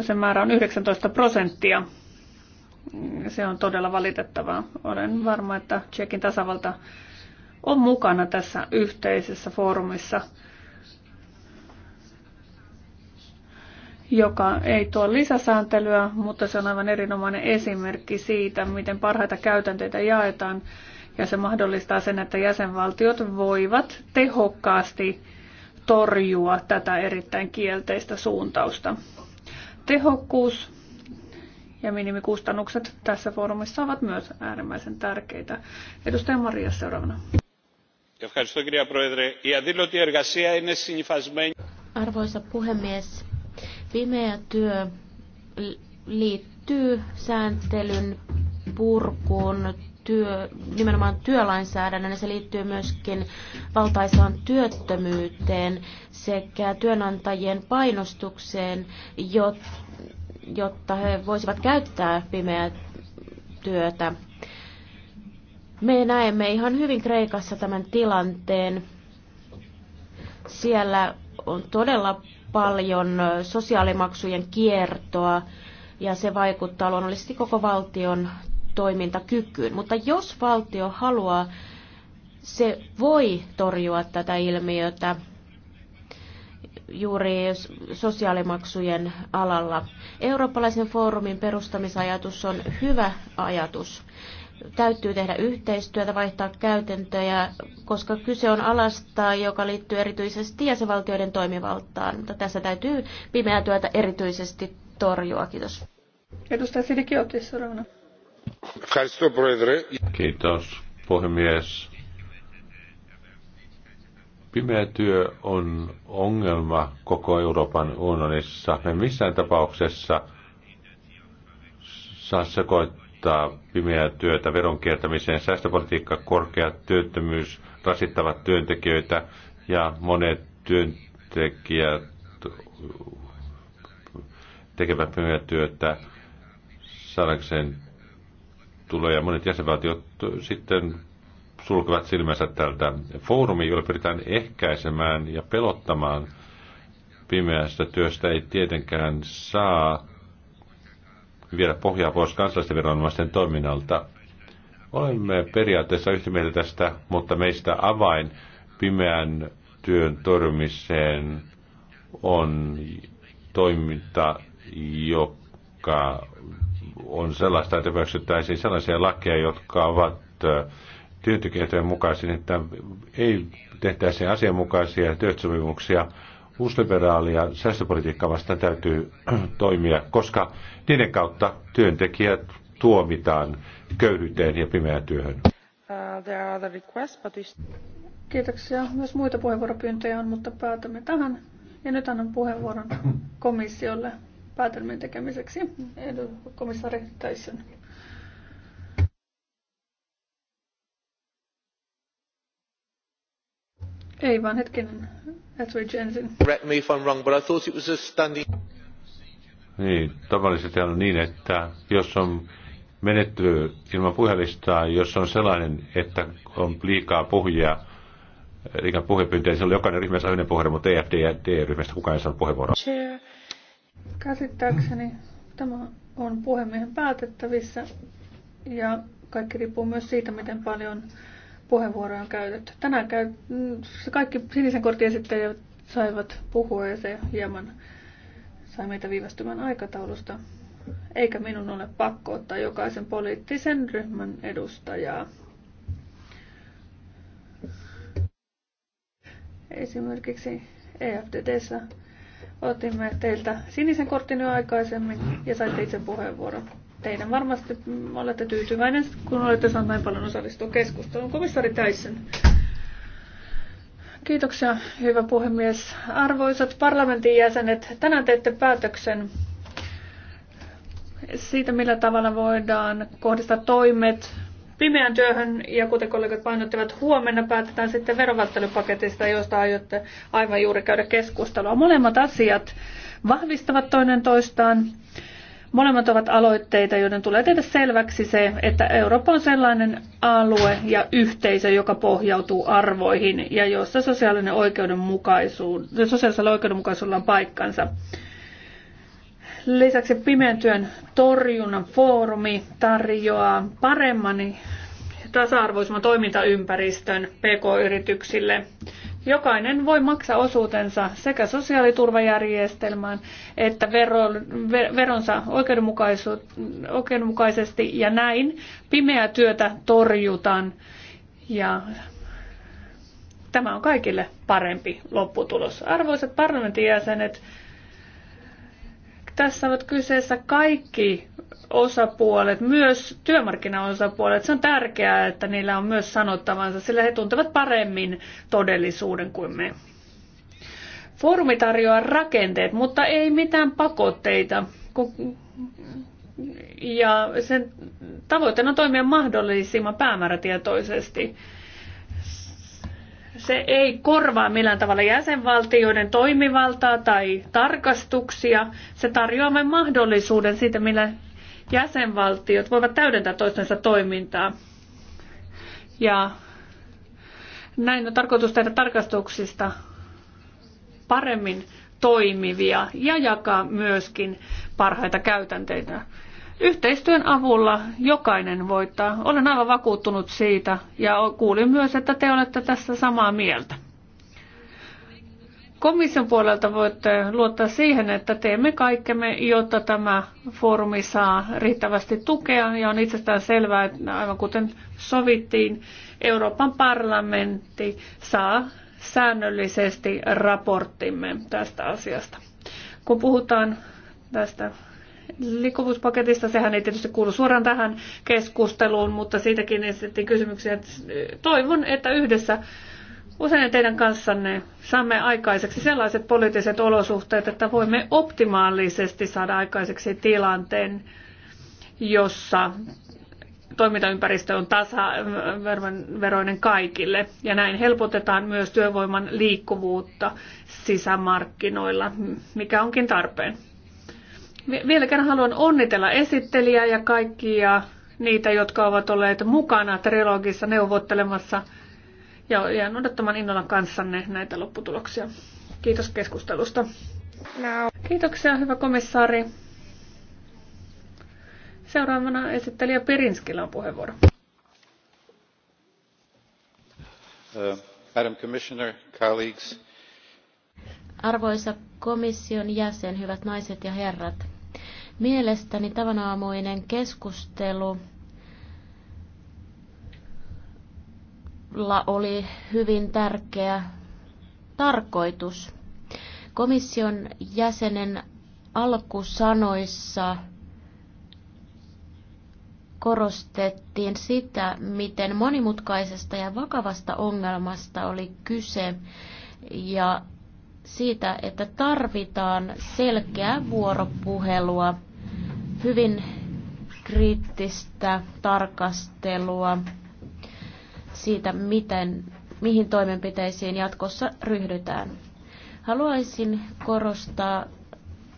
se määrä on 19 prosenttia. Se on todella valitettavaa. Olen varma, että Tsekin tasavalta on mukana tässä yhteisessä foorumissa, joka ei tuo lisäsääntelyä, mutta se on aivan erinomainen esimerkki siitä, miten parhaita käytänteitä jaetaan ja se mahdollistaa sen, että jäsenvaltiot voivat tehokkaasti torjua tätä erittäin kielteistä suuntausta. Tehokkuus ja minimikustannukset tässä foorumissa ovat myös äärimmäisen tärkeitä. Edustaja Maria seuraavana. Arvoisa puhemies, pimeä työ liittyy sääntelyn purkuun työ, nimenomaan työlainsäädännön ja se liittyy myöskin valtaisaan työttömyyteen sekä työnantajien painostukseen, jotta he voisivat käyttää pimeää työtä. Me näemme ihan hyvin Kreikassa tämän tilanteen. Siellä on todella paljon sosiaalimaksujen kiertoa ja se vaikuttaa luonnollisesti koko valtion toimintakykyyn. Mutta jos valtio haluaa, se voi torjua tätä ilmiötä juuri sosiaalimaksujen alalla. Eurooppalaisen foorumin perustamisajatus on hyvä ajatus. Täytyy tehdä yhteistyötä, vaihtaa käytäntöjä, koska kyse on alasta, joka liittyy erityisesti jäsenvaltioiden toimivaltaan. Mutta tässä täytyy pimeää työtä erityisesti torjua. Kiitos. Edustaja Sidikiotis, seuraavana. Kiitos, puhemies. Pimeä työ on ongelma koko Euroopan unionissa. Me missään tapauksessa saa sekoittaa pimeää työtä veronkiertämiseen. Säästöpolitiikka, korkea työttömyys rasittavat työntekijöitä ja monet työntekijät tekevät pimeää työtä saadakseen tulee ja monet jäsenvaltiot sitten sulkevat silmänsä tältä foorumi, jolla pyritään ehkäisemään ja pelottamaan pimeästä työstä ei tietenkään saa viedä pohjaa pois kansallisten viranomaisten toiminnalta. Olemme periaatteessa yhtä mieltä tästä, mutta meistä avain pimeän työn torjumiseen on toiminta, joka on sellaista, että hyväksyttäisiin sellaisia lakeja, jotka ovat työntekijöiden mukaisin, että ei tehtäisi asianmukaisia työsopimuksia. ja säästöpolitiikka vastaan täytyy toimia, koska niiden kautta työntekijät tuomitaan köyhyyteen ja pimeään työhön. Uh, Kiitoksia. Myös muita puheenvuoropyyntöjä on, mutta päätämme tähän. Ja nyt annan puheenvuoron komissiolle päätelmien tekemiseksi. Komissaari Tyson. Ei vaan hetkinen. Etheridge ensin. Correct me if I'm wrong, but I thought it was a standing... Niin, tavallisesti on niin, että jos on menettely ilman puhelistaa, jos on sellainen, että on liikaa puhujia, liikaa puhepyyntöjä, niin silloin jokainen ryhmässä yhden puheenvuoron, mutta EFD ja D-ryhmästä kukaan ei saanut puheenvuoroa. Käsittääkseni tämä on puhemiehen päätettävissä ja kaikki riippuu myös siitä, miten paljon puheenvuoroja on käytetty. Tänään käy, kaikki sinisen kortin esittäjät saivat puhua ja se hieman sai meitä viivästymään aikataulusta. Eikä minun ole pakko ottaa jokaisen poliittisen ryhmän edustajaa. Esimerkiksi EFTTssä Otimme teiltä sinisen kortin jo aikaisemmin ja saitte itse puheenvuoron. Teidän varmasti olette tyytyväinen, kun olette saaneet näin paljon osallistua keskusteluun. Komissaari Täissen. Kiitoksia, hyvä puhemies. Arvoisat parlamentin jäsenet, tänään teette päätöksen siitä, millä tavalla voidaan kohdistaa toimet pimeän työhön ja kuten kollegat painottivat, huomenna päätetään sitten verovälttelypaketista, josta aiotte aivan juuri käydä keskustelua. Molemmat asiat vahvistavat toinen toistaan. Molemmat ovat aloitteita, joiden tulee tehdä selväksi se, että Eurooppa on sellainen alue ja yhteisö, joka pohjautuu arvoihin ja jossa sosiaalinen oikeudenmukaisuus, sosiaalisella oikeudenmukaisuudella on paikkansa. Lisäksi pimeän työn torjunnan foorumi tarjoaa paremman tasa-arvoisemman toimintaympäristön PK-yrityksille. Jokainen voi maksaa osuutensa sekä sosiaaliturvajärjestelmään että vero, veronsa oikeudenmukaisesti ja näin pimeää työtä torjutaan ja tämä on kaikille parempi lopputulos. Arvoisat parlamentin jäsenet, tässä ovat kyseessä kaikki osapuolet, myös työmarkkinaosapuolet. Se on tärkeää, että niillä on myös sanottavansa, sillä he tuntevat paremmin todellisuuden kuin me. Foorumi tarjoaa rakenteet, mutta ei mitään pakotteita. Ja sen tavoitteena on toimia mahdollisimman päämäärätietoisesti se ei korvaa millään tavalla jäsenvaltioiden toimivaltaa tai tarkastuksia. Se tarjoaa vain mahdollisuuden siitä, millä jäsenvaltiot voivat täydentää toistensa toimintaa. Ja näin on tarkoitus tehdä tarkastuksista paremmin toimivia ja jakaa myöskin parhaita käytänteitä. Yhteistyön avulla jokainen voittaa. Olen aivan vakuuttunut siitä ja kuulin myös, että te olette tässä samaa mieltä. Komission puolelta voitte luottaa siihen, että teemme kaikkemme, jotta tämä foorumi saa riittävästi tukea. Ja on itsestään selvää, että aivan kuten sovittiin, Euroopan parlamentti saa säännöllisesti raporttimme tästä asiasta. Kun puhutaan tästä liikkuvuuspaketista. Sehän ei tietysti kuulu suoraan tähän keskusteluun, mutta siitäkin esitettiin kysymyksiä. Toivon, että yhdessä usein teidän kanssanne saamme aikaiseksi sellaiset poliittiset olosuhteet, että voimme optimaalisesti saada aikaiseksi tilanteen, jossa toimintaympäristö on tasaveroinen kaikille ja näin helpotetaan myös työvoiman liikkuvuutta sisämarkkinoilla, mikä onkin tarpeen. Vielä kerran haluan onnitella esittelijää ja kaikkia niitä, jotka ovat olleet mukana trilogissa neuvottelemassa ja jään odottamaan innolla kanssanne näitä lopputuloksia. Kiitos keskustelusta. No. Kiitoksia, hyvä komissaari. Seuraavana esittelijä Perinskillä on puheenvuoro. Uh, Madam Commissioner, colleagues. Arvoisa komission jäsen, hyvät naiset ja herrat. Mielestäni tavanaamuinen keskustelu oli hyvin tärkeä tarkoitus. Komission jäsenen alkusanoissa korostettiin sitä, miten monimutkaisesta ja vakavasta ongelmasta oli kyse ja siitä, että tarvitaan selkeää vuoropuhelua, hyvin kriittistä tarkastelua siitä, miten, mihin toimenpiteisiin jatkossa ryhdytään. Haluaisin korostaa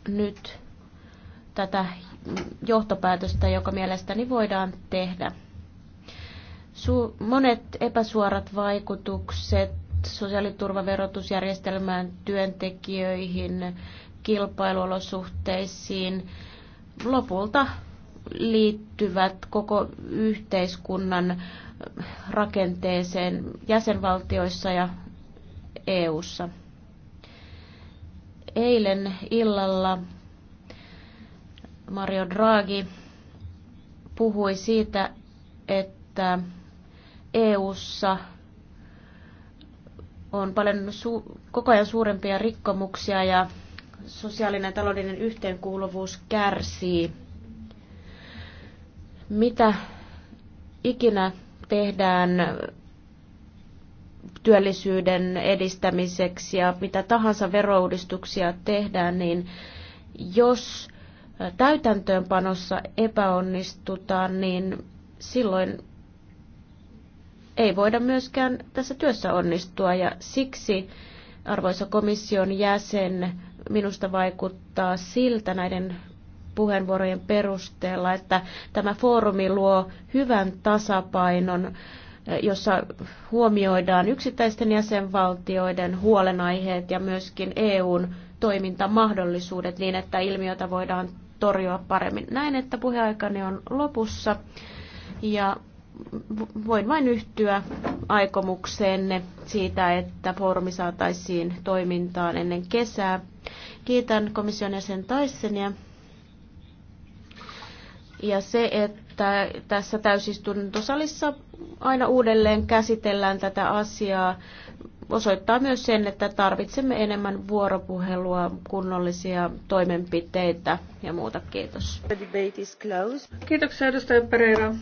nyt tätä johtopäätöstä, joka mielestäni voidaan tehdä. Su- monet epäsuorat vaikutukset sosiaaliturvaverotusjärjestelmään, työntekijöihin, kilpailuolosuhteisiin, lopulta liittyvät koko yhteiskunnan rakenteeseen jäsenvaltioissa ja EU:ssa. Eilen illalla Mario Draghi puhui siitä, että EU:ssa on paljon su- koko ajan suurempia rikkomuksia ja sosiaalinen ja taloudellinen yhteenkuuluvuus kärsii. Mitä ikinä tehdään työllisyyden edistämiseksi ja mitä tahansa verouudistuksia tehdään, niin jos täytäntöönpanossa epäonnistutaan, niin silloin ei voida myöskään tässä työssä onnistua ja siksi arvoisa komission jäsen minusta vaikuttaa siltä näiden puheenvuorojen perusteella, että tämä foorumi luo hyvän tasapainon, jossa huomioidaan yksittäisten jäsenvaltioiden huolenaiheet ja myöskin EUn toimintamahdollisuudet niin, että ilmiötä voidaan torjua paremmin. Näin, että puheaikani on lopussa ja voin vain yhtyä aikomukseenne siitä, että foorumi saataisiin toimintaan ennen kesää. Kiitän komission jäsen Taissenia. Ja se, että tässä täysistuntosalissa aina uudelleen käsitellään tätä asiaa, osoittaa myös sen, että tarvitsemme enemmän vuoropuhelua, kunnollisia toimenpiteitä ja muuta. Kiitos. Kiitoksia edustaja Pereira.